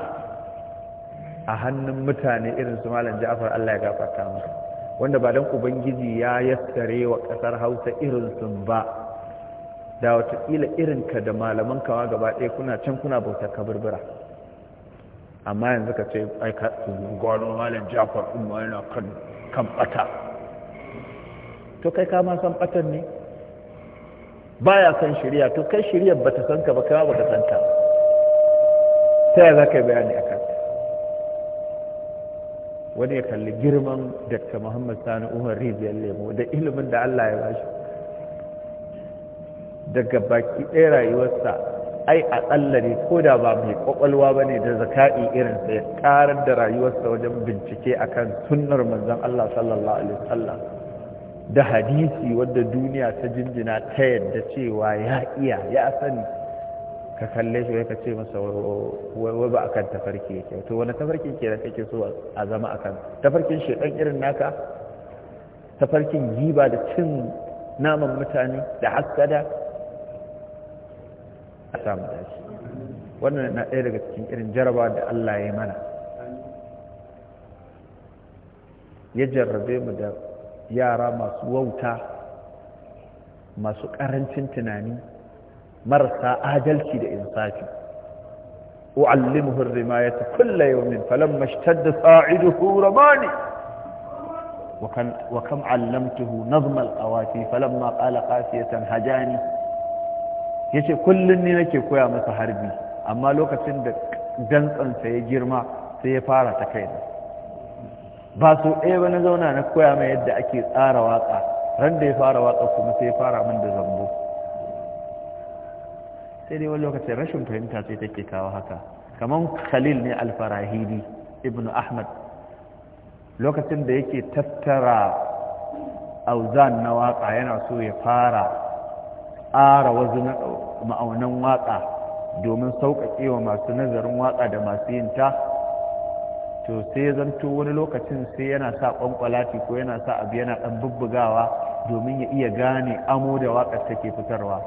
a hannun mutane irin su malam jaafar Allah ya gafarta musu wanda ba dan ubangiji ya yassare wa kasar Hausa irin sun ba da watakila irinka da malaman kawa gaba ɗaya kuna can kuna bautar kaburbura amma yanzu ka ce aika gwanon malin jafar umar yana kan bata to kai kama san batan ne baya san shirya to kai ba bata san ka ba kama bata san ta ta yi za ka yi bayani a kan wani ya kalli girman dr muhammad sani umar rijiyar lemo da ilimin da allah ya bashi daga baki ɗaya rayuwarsa ai a tsallare ko da ba mai kwakwalwa ba ne da zaka'i irin sai karar da rayuwarsa wajen bincike a kan sunnar manzon Allah sallallahu alaihi wasallam da hadisi wadda duniya ta jinjina ta yadda cewa ya iya ya sani ka kalle shi ka ce masa wai ba akan tafarki yake to wani tafarki ke da kake so a zama akan tafarkin shedan irin naka tafarkin giba da cin naman mutane da haskada sa mu dace wannan na ɗaya daga cikin irin jaraba da Allah ya mana ya jarrabe mu da yara masu wauta masu ƙarancin tunani marasa adalci da insafi أعلمه الرماية كل يوم فلما اشتد صاعده رماني وكم علمته نظم القوافي فلما قال قاسية هجاني ya ce kullum ne nake koya masa harbi amma lokacin da jantsansa ya girma sai ya fara ta kai ba su ɗaya ba na zauna na koya mai yadda ake tsara waƙa ran da ya fara waƙa kuma sai ya fara min da zambo sai dai wani lokacin rashin fahimta sai take kawo haka kamar khalil ne alfarahidi ibn ahmad lokacin da yake tattara auzan na waƙa yana so ya fara ƙara wasu ma'aunan waƙa domin sauƙaƙe wa masu nazarin waƙa da masu yin ta to sai zanto wani lokacin sai yana sa ƙwanƙwalati ko yana sa abu yana ɗan bubbugawa domin ya iya gane amo da waƙar take fitarwa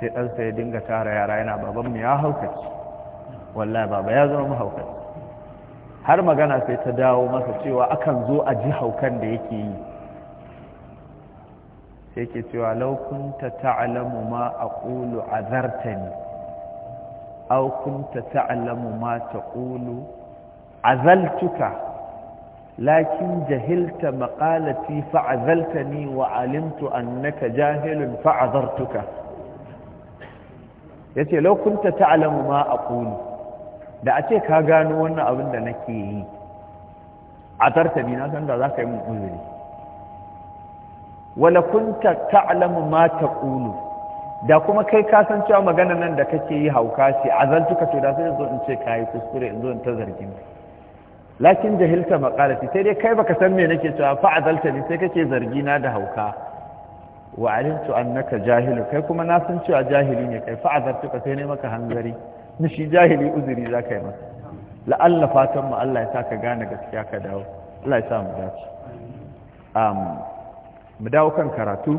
sai ɗansa ya dinga tara yara yana babanmu ya haukaci wallahi baba ya zama mahaukaci har magana sai ta dawo masa cewa akan zo a ji haukan da yake yi sai ke cewa laukunta ta'alamu ma a ƙulu a zartani aukunta ta'alamu ma ta ƙulu a zaltuka lakin jahilta maƙalati fa'azaltani wa alimtu annaka jahilun fa'azartuka ya ce laukunta ta'alamu ma a ƙulu da a ce ka gano wannan abin da nake yi a tartabi na san da za ka yi mun uzuri wala kunta ta'lamu ma taqulu da kuma kai ka san cewa magana nan da kake yi hauka ce azantuka to da sai zo in ce kai kuskure in zo in ta zargin lakin jahilta maqalati sai dai kai baka san me nake cewa fa azalta ni sai kake zargi na da hauka wa alimtu annaka jahilu kai kuma na san cewa jahili ne kai fa sai ne maka hanzari ni shi jahili uzuri zaka yi masa la'alla fatan mu Allah ya saka gane gaskiya ka dawo Allah ya sa mu dace um mu dawo kan karatu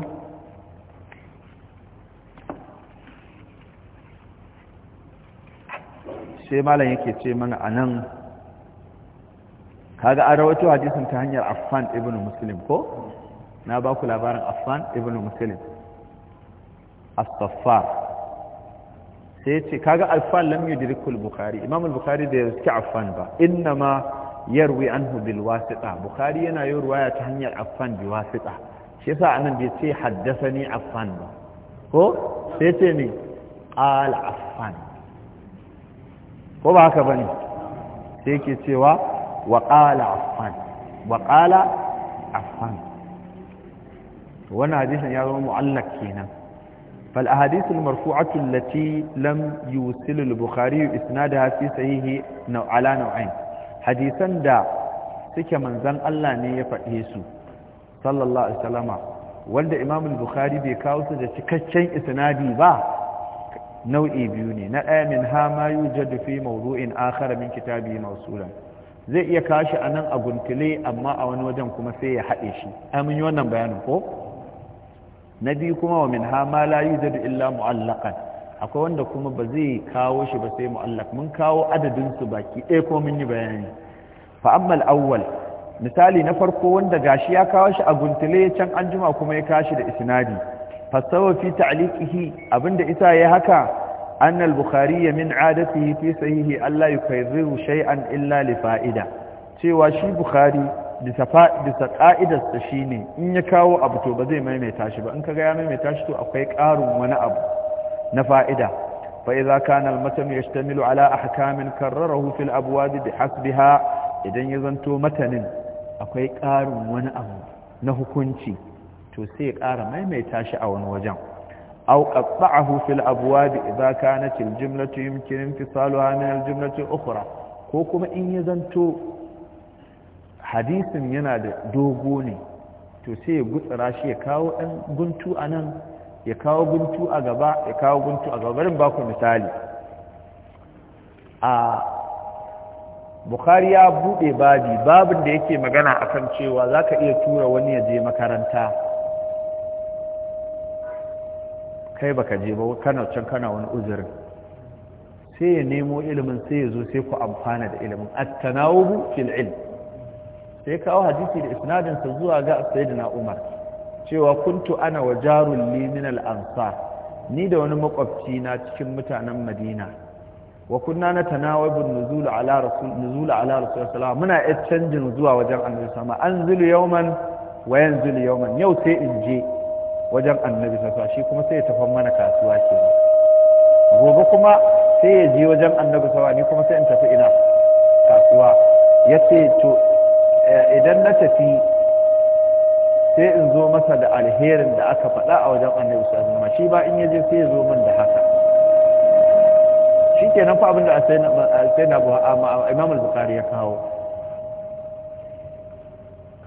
sai malam yake ce mana a nan kaga an rawato hadisin ta hanyar affan ibn muslim ko na ba ku labarin affan ibn muslim as sai ce kaga affan lam yudrikul bukhari imam al-bukhari bai yake affan ba inna ma yarwi anhu bil wasita bukhari yana yin ruwaya ta hanyar affan bi wasita shi yasa anan bai ce haddasa haddasani affan ba ko sai ce ne qala affan ko ba haka ba ne sai ke cewa wa qala affan wa qala affan Wani hadisin ya zama mu'allaq kenan a فالأحاديث المرفوعة التي لم يوصل البخاري إسنادها في صحيحه على نوعين Hadisan da suke manzan Allah ne ya faɗe su sallallahu alaihi salama. wanda imam bukhari bai kawo su da cikakken isnadi ba nau'i biyu ne na ɗaya min ha ma yujadu fi mawdu'in akhar min kitabi mawsulan zai iya kashi anan a guntule amma a wani wajen kuma sai ya haɗe shi amin yi wannan bayanin ko na biyu kuma wa min ha ma la yujadu illa mu'allaqan akwai wanda kuma ba zai kawo shi ba sai mu'allaq mun kawo adadin su baki ɗaya ko mun yi bayani fa amma al-awwal misali na farko wanda gashi ya kawo shi a guntule can anjima kuma ya kashi da isnadi fasawa fi ta'liqihi abinda isa ya haka anna al-bukhari min 'adatihi fi sahihi Allah yukarriru shay'an illa li fa'ida cewa shi bukhari bisa bisa ka'idar sa shine in ya kawo abu to ba zai maimaita shi ba in kaga ya maimaita shi to akwai ƙarin wani abu na fa'ida fa idza kana al-matan yashtamilu ala ahkamin karrarahu fil abwab bihasbiha idan ya zanto matanin akwai ƙarin wani abu na hukunci to sai ya ƙara maimaita shi a wani wajen au qatta'ahu fil abwab idza kanat al jumlatu yumkin infisaluha min al jumlati ukhra ko kuma in ya zanto hadisin yana da dogo ne to sai ya gutsara shi ya kawo dan guntu anan ya kawo guntu a gaba ya kawo guntu a gaba bari ba ku misali a bukhari ya buɗe babi babin da yake magana a kan cewa za ka iya tura wani ya je makaranta kai baka je ba kana can kana wani uzurin sai ya nemo ilimin sai ya zo sai ku amfana da ilimin at fil ilm sai kawo hadisi da isnadin sa zuwa ga sayyidina umar cewa kuntu ana wa jarul liminal ansar ni da wani makwabci na cikin mutanen madina wa kunna na tanawabin nuzulu ala rasul nuzulu ala rasul sallallahu muna yar canjin zuwa wajen annabi sama an zulu yawman wa yanzulu yawman yau sai in je wajen annabi sallallahu shi kuma sai ya tafi mana kasuwa ke gobe kuma sai ya je wajen annabi sallallahu ni kuma sai in tafi ina kasuwa yace to eh, idan na tafi sai in zo masa da alherin da aka faɗa a wajen annabi sallallahu shi ba in yaje sai ya zo min da haka shi ke nan abin da sai na a al-bukhari ya kawo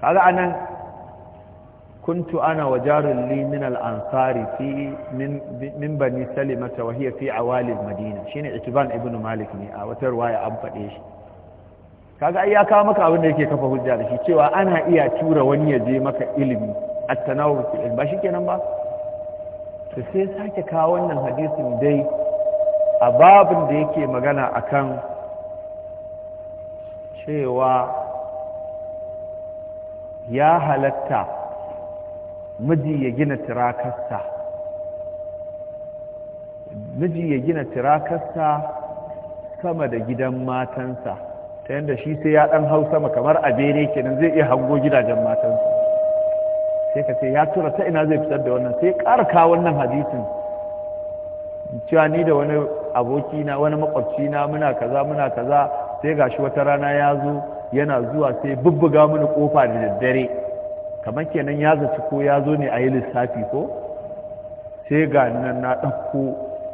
kaga anan kuntu ana wa jarin li min ansari fi min bani salimata wa hiya a walin madina shine itiban ibnu malik ne a wata riwaya an faɗe shi kaga ai ya kawo maka abin da yake kafa hujja da shi cewa ana iya tura wani ya je maka ilimi at-tanawur fil ba kenan ba to sai sake kawo wannan hadisin dai a babin da yake magana akan cewa ya halatta miji ya gina tirakasta miji ya gina tirakasta sama da gidan matansa ta yadda shi sai ya ɗan hau sama kamar a bene kenan zai iya hango gidajen matansa sai ka ce ya tura ta ina zai fitar da wannan sai kawo wannan hadisin cewa ni da wani aboki na wani makwabci na muna kaza muna kaza sai gashi wata rana ya zo yana zuwa sai bubbuga mini kofa da daddare kamar kenan ya zaci ko ya zo ne a yi lissafi ko sai ga nan na ɗauko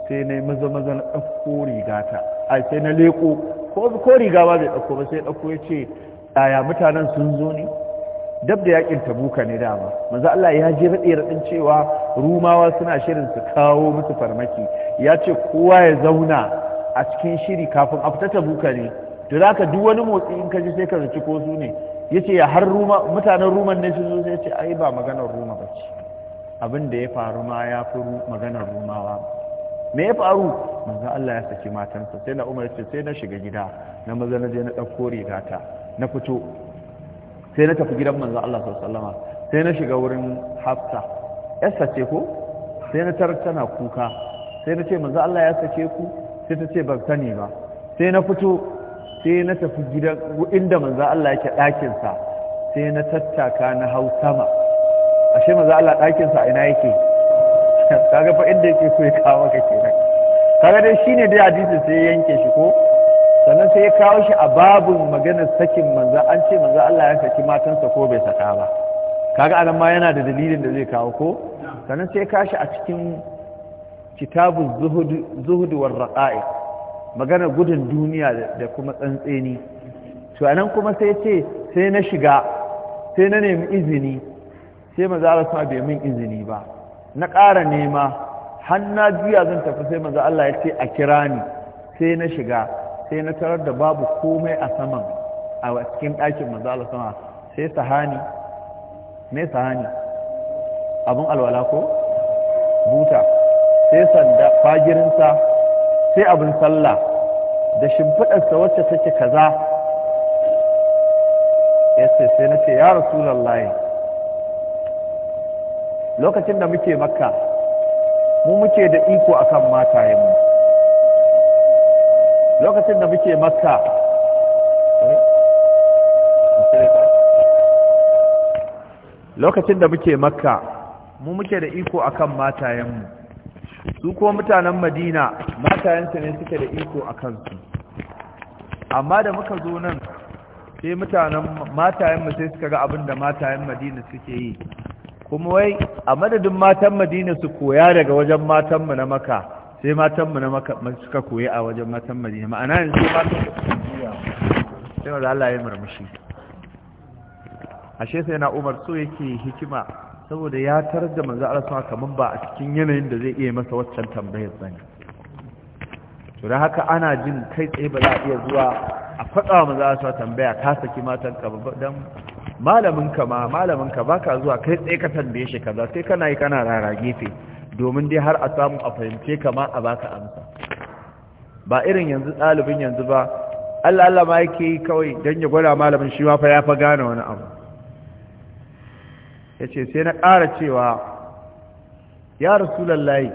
sai na yi maza maza na ɗauko rigata a sai na leko ko riga ba zai ɗauko ba sai ɗauko ya ce ɗaya mutanen sun zo ne dab da yakin tabuka ne dama manzo Allah ya je rade radin cewa rumawa suna shirin su kawo musu farmaki ya ce kowa ya zauna a cikin shiri kafin a fita tabuka ne to za ka duk wani motsi in ka ji sai ka zaci ko su ne ya ce ya har ruma mutanen ruman ne sun zo sai ce ai ba maganar ruma ba ce abin da ya faru ma ya fi maganar rumawa me ya faru manzo Allah ya saki matansa sai na umar ce sai na shiga gida na maza na je na riga rigata na fito sai na tafi gidan manzo Allah sallallahu sai na shiga wurin hafsa yasa ce ko sai na tar tana kuka sai na ce maza Allah ya sake ku sai ta ce ban sani ba sai na fito sai na tafi gidan inda maza Allah yake ɗakin sa sai na tattaka na hau sama ashe maza Allah ɗakin sa ina yake kaga fa inda yake so ya kawo maka kenan kaga dai shine dai hadisi sai ya yanke shi ko sannan sai ya kawo shi a babun maganar sakin manzo an ce manzo Allah ya saki matansa ko bai saka ba kaga anan ma yana da dalilin da zai kawo ko sannan sai ya kashi a cikin kitabu zuhud war raƙa'i magana gudun duniya da kuma tsantseni to anan kuma sai ce sai na shiga sai na nemi izini sai manzo Allah sama bai min izini ba na ƙara nema har na juya zan tafi sai manzo Allah ya ce a kira ni sai na shiga sai na tarar da babu komai a saman a cikin ɗakin manzo Allah sama sai sahani me sahani abun alwala ko buta sai sanda fagirinsa sai abin sallah da shimfiɗarsa wacce take kaza ya ce sai na ce ya rasulallah lokacin da muke makka mu muke da iko akan matayenmu lokacin da muke makka lokacin da muke makka mu muke da iko akan matayenmu su ko mutanen madina matayensa ne suke da iko a kansu amma da muka zo nan sai mutanen matayenmu sai suka ga abin da matayen madina suke yi kuma wai a madadin matan madina su koya daga wajen matanmu na maka sai matanmu na maka suka koya a wajen matan madina ma'ana yanzu matan sai wanda Allah ya murmushi ashe sai na umar so yake hikima saboda ya tarar da manzo Allah sama kamar ba a cikin yanayin da zai iya masa waccan tambayar bane to da haka ana jin kai tsaye ba za a iya zuwa a faɗa wa manzo Allah tambaya ka saki matan ka dan malamin ka ma malamin ka baka zuwa kai tsaye ka tambaye shi kaza sai kana yi kana rara gefe domin dai har a samu a fahimce ka ma a baka amsa ba irin yanzu ɗalibin yanzu ba Allah Allah ma yake yi kawai don ya gwada malamin shi ma fa ya fa gane wani abu ya ce sai na ƙara cewa ya lallai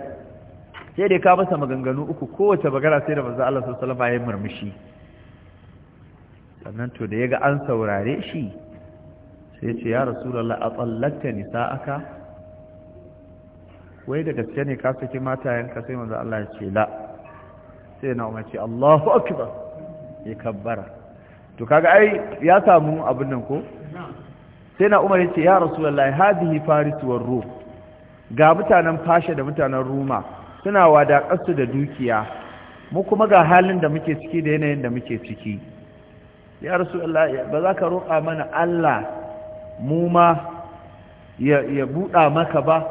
sai dai ka masa maganganu uku kowace magana sai da maza Allah salama ya yi murmushi sannan to da ya ga an saurare shi sai ce ya lallai a tsallakta aka wai da gaske ne ka saki matayenka sai maza Allah ya ce la sai na umar ce Allahu akbar ya kabbara to kaga ai ya samu abin nan ko sai na umar ya ce ya rasulallah hadihi farisuwar ruh ga mutanen fasha da mutanen ruma suna wadaƙarsu da dukiya mu kuma ga halin da muke ciki da yanayin da muke ciki ya rasulallah ba za ka roƙa mana allah mu ma ya buɗa maka ba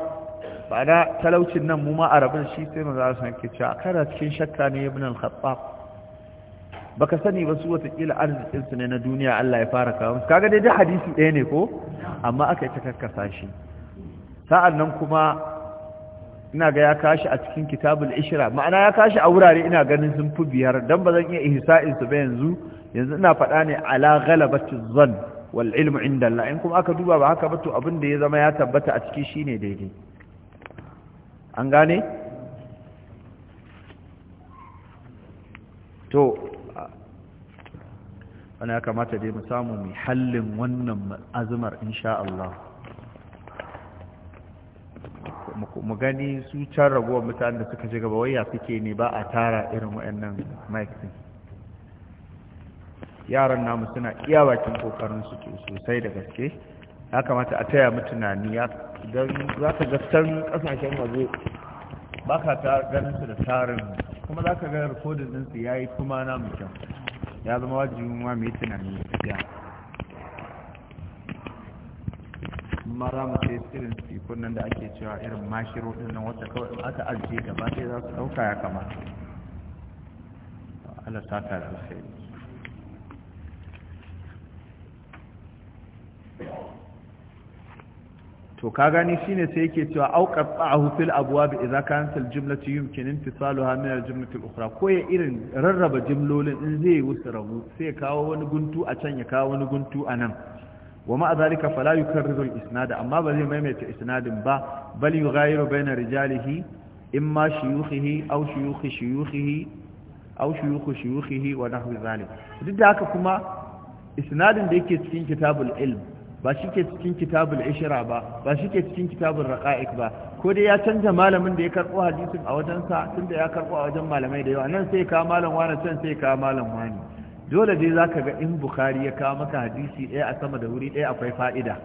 ba na talaucin nan mu ma a rabin shi sai mu za su hanke cewa kana cikin shakka ne ibn al-khattab baka sani ba su watakila arzikinsu ne na duniya Allah ya fara kawo musu kaga daidai hadisi ɗaya ne ko amma aka yi ta karkasa shi sa'an nan kuma ina ga ya kashi a cikin kitabul ishira ma'ana ya kashi a wurare ina ganin sun fi biyar don ba zan iya su ba yanzu yanzu ina faɗa ne ala galabatu zan wal ilmu inda Allah in kuma aka duba ba haka ba to abin da ya zama ya tabbata a ciki shine daidai an gane to wani ya kamata dai mu samu mai hallin wannan azumar insha Allah mu gani su can ragowar mutane da suka shiga bawaiya suke ne ba a tara irin waɗannan maikin yaran namu suna iya bakin kokarin su sosai da gaske ya kamata a taya mutuna tunani ya don za ka gasar kasashen waje ba ka ganin su da tarin kuma za ka ga rikodin ɗinsu ya yi kuma na kyau. ya zama wajibin wa mai tunani ya mara mace irin sikon nan da ake cewa irin mashiro din nan wata kawai aka ajiye gaba sai za su ɗauka ya kamata Allah saka da alkhairi to ka gani shine sai yake cewa auqata'ahu fil abwab idza kanat al jumlatu yumkin intisaluha min al jumlatu al ukhra ko ya irin rarraba jumlolin in zai wuce rabu sai kawo wani guntu a can ya kawo wani guntu a nan wa ma zalika fala yukarriru al isnad amma ba zai maimaita isnadin ba bal yughayiru bayna rijalihi imma shuyukhihi aw shuyukhi shuyukhihi aw shuyukhu shuyukhihi wa nahwi zalik duk da haka kuma isnadin da yake cikin kitabul ilm ba shi ke cikin kitabul ishira ba ba shi ke cikin kitabul raqa'iq ba ko dai ya canja malamin da ya karɓo hadisin a wajen sa tunda ya karɓo a wajen malamai da yawa nan sai ka malam wani can sai ka malam wani dole dai zaka ga in bukhari ya kawo maka hadisi ɗaya a sama da wuri ɗaya akwai fa'ida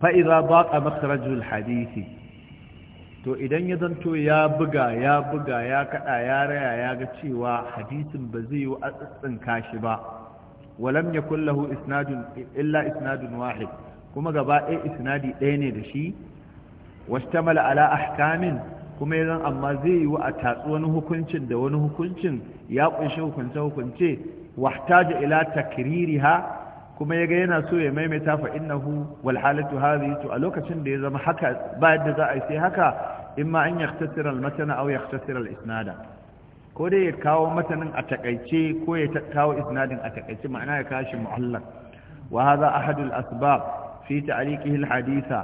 fa'iza ba a makarajul hadisi to idan ya zanto ya buga ya buga ya kaɗa ya raya ya ga cewa hadisin ba zai yi wa a kashi ba walam ya lahu hu illa isnadun wahid kuma gaba ɗaya isnadi ɗaya ne da shi washtamala ala ahkamin kuma yanzu amma zai yi wa a tatsu wani hukuncin da wani hukuncin ya kunshi hukunce hukunce wahtaja ila ha kuma yaga yana so ya maimaita fa hu wal halatu hadhihi to a lokacin da ya zama haka ba yadda za a yi sai haka imma an yaktasira al matana aw yaktasira al isnada ko dai ya kawo matanin a takaice ko ya kawo isnadin a takaice ma'ana ya kashi mu'allaq wa hadha ahadul asbab fi ta'liqihi alhaditha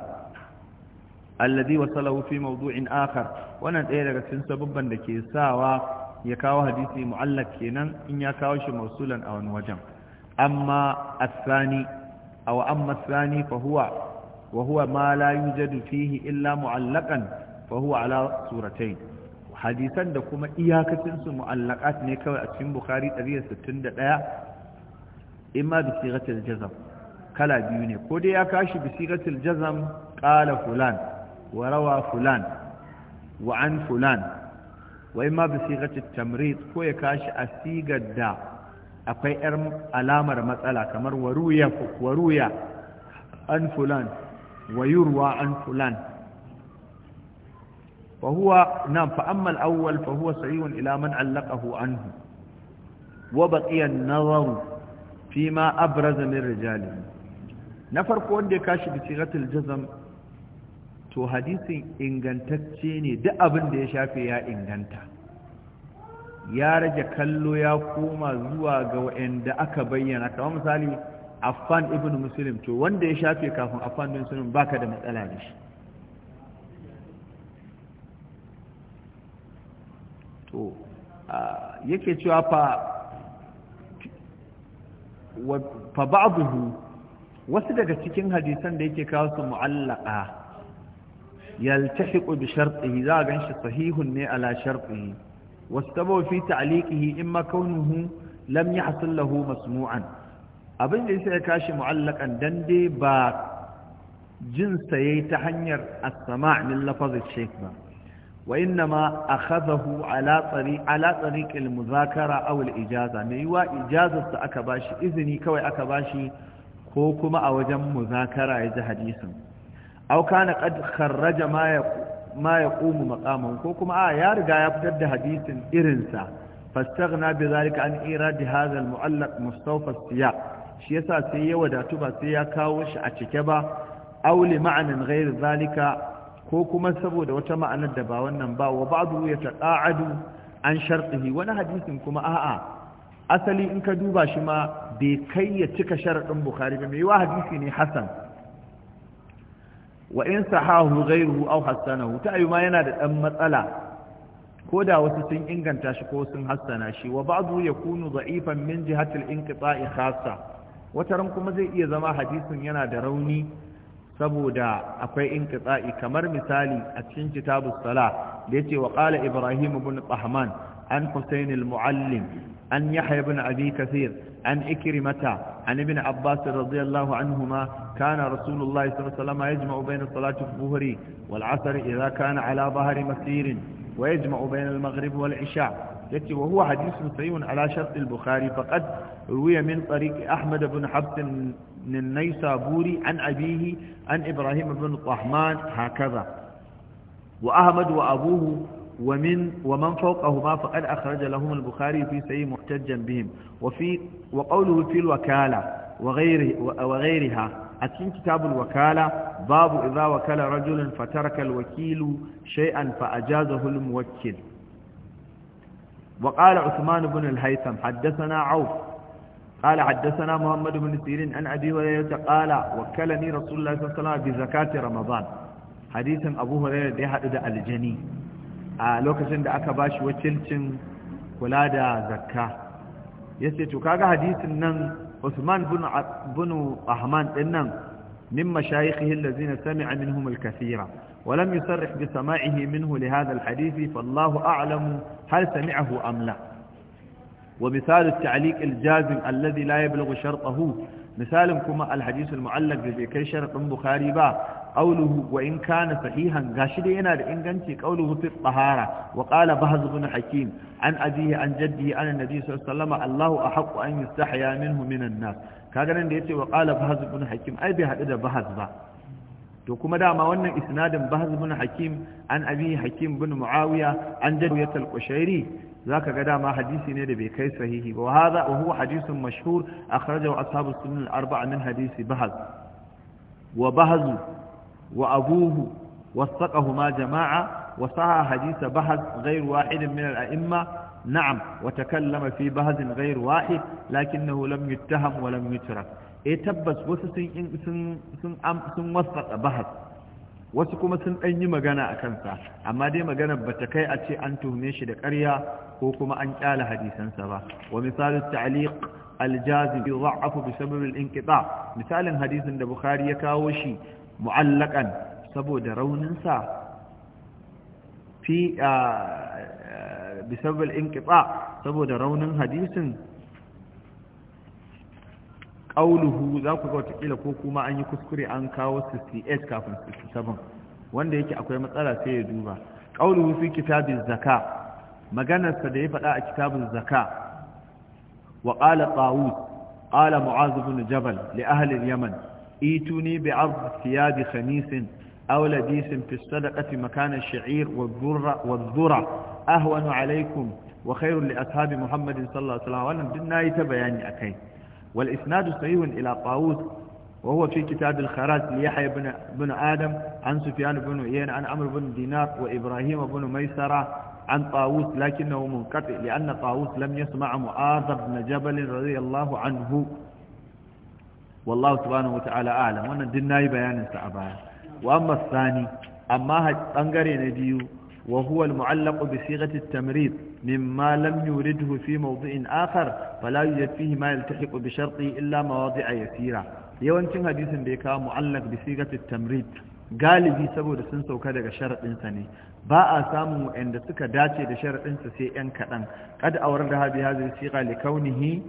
alladhi wasalahu fi mawdu'in akhar wannan ɗaya daga cikin sababban da ke sawa ya kawo hadisi mu'allaq kenan in ya kawo shi mausulan a wani wajen amma athani aw amma sani fa huwa وهو ما لا يوجد فيه إلا معلقا hadisan da kuma iyakacinsu mu'allakat ne kawai a cikin bukari 161 in ma sigatil jazam kala biyu ne ko dai ya kashi bi jazam qala fulan wa rawa fulan wa an fulan wa in ma sigatil tamrid ko ya kashi a sigar da akwai yar alamar matsala kamar waruya waruya an fulan wa yurwa an fulan fa huwa nam fa amma al-awwal ila man allaqahu anhu wa baqiya an-nazar fi abraza min rijalihi na farko wanda ya kashi da sigatul jazm to hadisin ingantacce ne duk abin da ya shafe ya inganta ya rage kallo ya koma zuwa ga wa'anda aka bayyana kamar misali affan ibn muslim to wanda ya shafe kafin affan ibn muslim baka da matsala da to yake cewa fa fa wasu daga cikin hadisan da yake kawo su mu'allaqa yaltahiqu bi shartihi za ga shi sahihun ne ala shartihi wastabu fi ta'liqihi imma kaunuhu lam yahsul lahu masmu'an abin da yake kashi mu'allaqan dan dai ba jin sa yayi ta hanyar as-sama' min lafazin shaykh ba وإنما أخذه على طريق على طريق المذاكرة أو الإجازة ميوا إجازة أكباشي إذني كوي أكباشي كوكما أوجم مذاكرة إذا حديث أو كان قد خرج ما ما يقوم مقامه كوكما آه يارجع يبدأ حديث إرنسا فاستغنى بذلك عن إيراد هذا المعلق مستوفى السياق شيسا سيا وداتبا سيا كاوش أتكبا أو لمعنى غير ذلك ko kuma saboda wata ma'anar da ba wannan ba wa ba'du ya taqa'adu an shartihi wani hadisin kuma a'a asali in ka duba shi ma bai kai ya cika sharadin bukhari ba mai hadisi ne hasan wa in sahahu ghayruhu aw hasanahu ta ayyuma yana da dan matsala ko da wasu sun inganta shi ko sun hassana shi wa ba'du yakunu za'ifan min jihati al-inqita'i khassa wataran kuma zai iya zama hadisin yana da rauni saboda akwai inqitsa'i kamar misali a cikin kitabus sala da yace wa qala ibrahim ibn an husayn almuallim an yahya ibn abi kathir an ikrimata an ibn abbas radiyallahu anhuma kana rasulullah sallallahu yajma'u bayna salati al-buhri wal 'asr idha kana ala dhahri masir wa yajma'u bayna al-maghrib wal 'isha yati wa huwa hadith sahih ala shart al-bukhari faqad ruwiya min tariq ahmad bin habs min naysaburi an abeehi عن إبراهيم بن الطحمان هكذا وأحمد وأبوه ومن ومن فوقهما فقد أخرج لهم البخاري في سي محتجا بهم وفي وقوله في الوكالة وغيره وغيرها أتين كتاب الوكالة باب إذا وكل رجل فترك الوكيل شيئا فأجازه الموكل وقال عثمان بن الهيثم حدثنا عوف قال حدثنا محمد بن سيرين عن أبي هريرة قال وكلني رسول الله صلى الله عليه وسلم بزكاة رمضان حديث أبو هريرة دي حدد الجني لوكشن دا أكباش وشلشن kula da zakka ya ce kaga hadisin nan usman bin ahman din nan min mashayikhihi allazina sami'a minhum al-kathira wa lam yusarrih bi sama'ihi minhu li hadha al fallahu a'lamu har sami'ahu am ومثال التعليق الجازم الذي لا يبلغ شرطه مثال كما الحديث المعلق بكي شرط بخاري با قوله وإن كان صحيحا قاشد ينا لإنغانتي قوله في الطهارة وقال بهز بن حكيم عن أبيه عن جده عن النبي صلى الله عليه وسلم الله أحق أن يستحيا منه من الناس كاغنان ديتي وقال بهز بن حكيم أي بها إذا بهز با to kuma dama wannan isnadin bahz bin hakim an abi hakim bin muawiya an jaddatul qushairi za ka ga dama hadisi ne da bai kai sahihi ba hadha wa huwa hadithun mashhur akhrajahu ashabu sunan al-arba'a min hadisi bahaz wa bahaz wa abuhu wasaqahuma jama'a wa saha hadith bahaz ghayr wahid min al-a'imma نعم وتكلم في بهز غير واحد لكنه لم يتهم ولم يترك اي تبس وسسن sun sun sun wasaka bahaz wasu kuma sun ɗan yi magana a kansa amma dai magana ba ta kai a ce an tuhume shi da ƙarya ko kuma an ƙyala hadisansa ba wa misali ta'liq aljazi bi dha'afu bi sabab al-inqita misalin hadisin da bukhari ya kawo shi mu'allaqan saboda raunin sa fi ah, bi sabab al-inqita saboda raunin hadisin ƙauluhu za ku ga watakila ko kuma an yi kuskure an kawo 68 kafin 67 wanda yake akwai matsala sai ya duba ƙauluhu fi kitabin zaka maganarsa da ya faɗa a kitabin zaka wa ƙala ƙawus ƙala mu'azu bin jabal li ahalin yaman ituni bi arz siyadi khamisin aw ladisin fi sadaqati makana shi'ir wa dhurra wa ahwanu alaykum wa khairun li ashabi muhammadin sallallahu alaihi wasallam wannan nayi ta bayani akai والإسناد صحيح إلى طاووس وهو في كتاب الخراج ليحيى بن, بن آدم عن سفيان بن عيين عن عمرو بن دينار وإبراهيم بن ميسرة عن طاووس لكنه منقطع لأن طاووس لم يسمع معاذ بن جبل رضي الله عنه والله سبحانه وتعالى أعلم وأن الدناي بيان سعبان وأما الثاني أما هتنقر ينبيه وهو المعلق بصيغة التمريض مما لم يورده في موضع آخر فلا يوجد فيه ما يلتحق بشرطه إلا a yasira? yawancin hadisin da ya kawo mu'allak bi sigatul tamrid galibi saboda sun sauka daga sharadin sa ne ba a samun wanda suka dace da sharadin sa sai yan kadan kad awar da ya hadhihi siga li kaunihi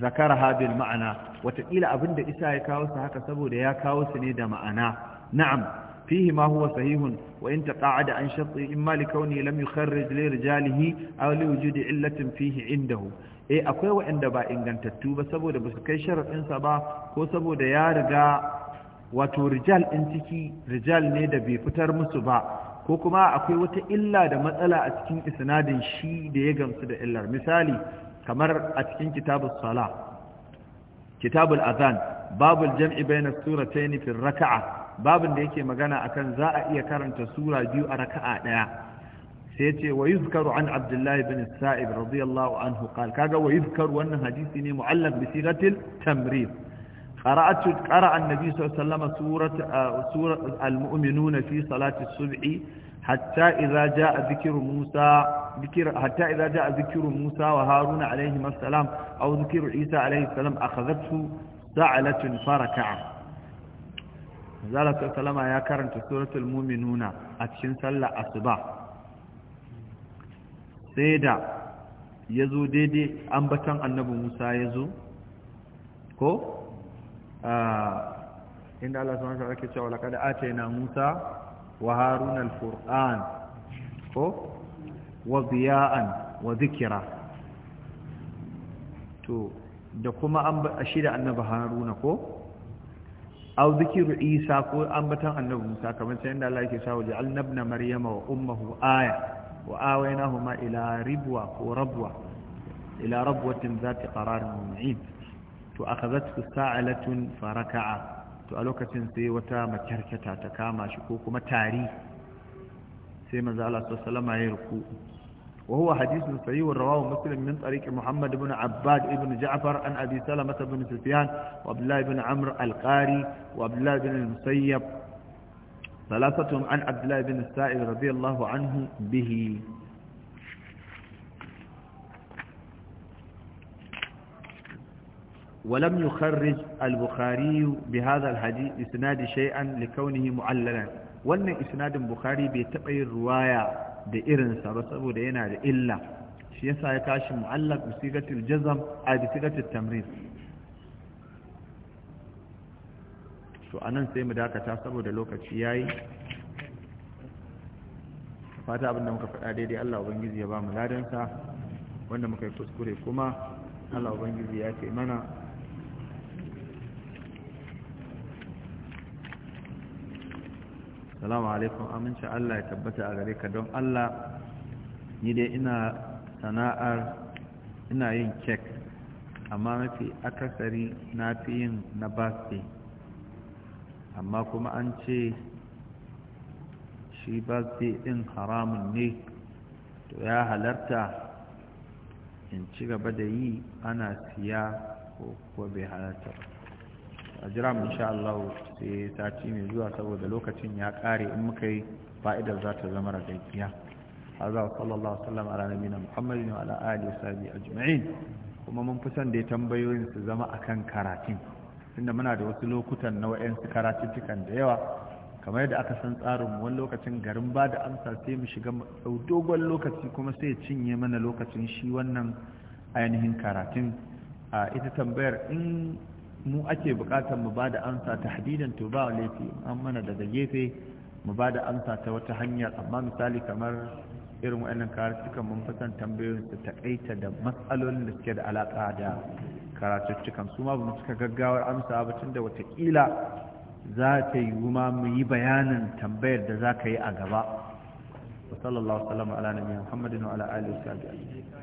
zakara bil ma'ana Wataƙila kila abinda isa ya kawo su haka saboda ya kawo su ne da ma'ana na'am فيه ما هو صحيح وإن تقاعد عن شرطه إما لكونه لم يخرج لرجاله أو لوجود علة فيه عنده eh akwai waɗanda ba ingantattu ba saboda ba su kai sharaɗinsa ba ko saboda ya riga wato rijal ɗin ciki rijal ne da bai fitar musu ba ko kuma akwai wata illa da matsala a cikin isnadin shi da ya gamsu da illar misali kamar a cikin kitabul sala kitabul azan babul jam'i bayna suratayn fi raka'a babin da yake magana akan za a iya karanta sura biyu a raka'a daya sai yace wa yuzkaru an abdullah ibn sa'ib radiyallahu anhu qal kaga wa yuzkaru wannan hadisi ne mu'allaq bi sigatil tamrid قرأت قرأ النبي صلى الله عليه وسلم سورة سورة المؤمنون في صلاة الصبح حتى إذا جاء ذكر موسى ذكر حتى إذا جاء ذكر موسى وهارون عليهما السلام أو ذكر عيسى عليه zala salama ya karanta suratul muminuna a cikin sallar asuba sai da ya zo daidai ambatan annabi musa ya zo ko ah, inda Allah subhanahu wa ta'ala ke cewa ake na Musa wa Harun al-Qur'an ko wa biya'an wa zikira, to da kuma an da annabi Haruna ko aw zikiru isa ko ambatan annabi musa kamar sai inda Allah yake cewa ja'alna ibna maryama wa ummuhu aya wa awaynahuma ila ribwa ko rabwa ila rabwatin zati qararin mu'id to akhadhathu sa'alatun faraka'a to a lokacin sai wata makyarkata ta kama shi ko kuma tari sai manzo Allah sallallahu alaihi wasallam ya ruku وهو حديث صحيح رواه مسلم من طريق محمد بن عباد بن جعفر عن أبي سلمة بن سفيان وعبد الله بن عمرو القاري وعبد الله بن المسيب ثلاثتهم عن عبد الله بن السائب رضي الله عنه به ولم يخرج البخاري بهذا الحديث إسناد شيئا لكونه معللا وأن إسناد البخاري بيتقي الرواية da irin sa ba saboda yana da illa shi yasa ya kashi mu'allaq bi sigatil jazm a bi sigatil tamrin to anan sai mu dakata saboda lokaci yayi fata abinda muka faɗa daidai Allah ubangiji ya ba mu ladansa wanda muka yi kuskure kuma Allah ubangiji ya ce mana salamu alaikum aminci Allah ya tabbata a gare ka don Allah ni dai ina sana'ar ina yin kek amma mafi akasari na fi yin na birthday amma kuma an ce shi birthday din haramun ne to ya halarta in ci gaba da yi ana siya ko bai halarta ba a jira mu insha Allah sai sati mai zuwa saboda lokacin ya kare in muka yi fa'idar za ta zama ragaggiya wa sallallahu alaihi ala nabiyina muhammadin wa ala alihi sahbihi ajma'in kuma mun fi son da tambayoyin su zama akan karatun tunda muna da wasu lokutan na wayansu karatuttukan da yawa kamar yadda aka san tsarin wani lokacin garin ba da amsa sai mu shiga sau dogon lokaci kuma sai cinye mana lokacin shi wannan ainihin karatun a ita tambayar in mu ake bukatar mu ba da amsa ta hadidan to ba laifi an mana daga gefe mu ba da amsa ta wata hanyar amma misali kamar irin wa'annan karatukan mun fasan tambayoyin su takaita da matsalolin da suke da alaka da karatuttukan su ma mu cika gaggawar amsa ba tunda watakila za ta yi ma mu yi bayanin tambayar da za ka yi a gaba wa sallallahu alaihi wa sallam ala nabiyina muhammadin wa ala alihi wa sahbihi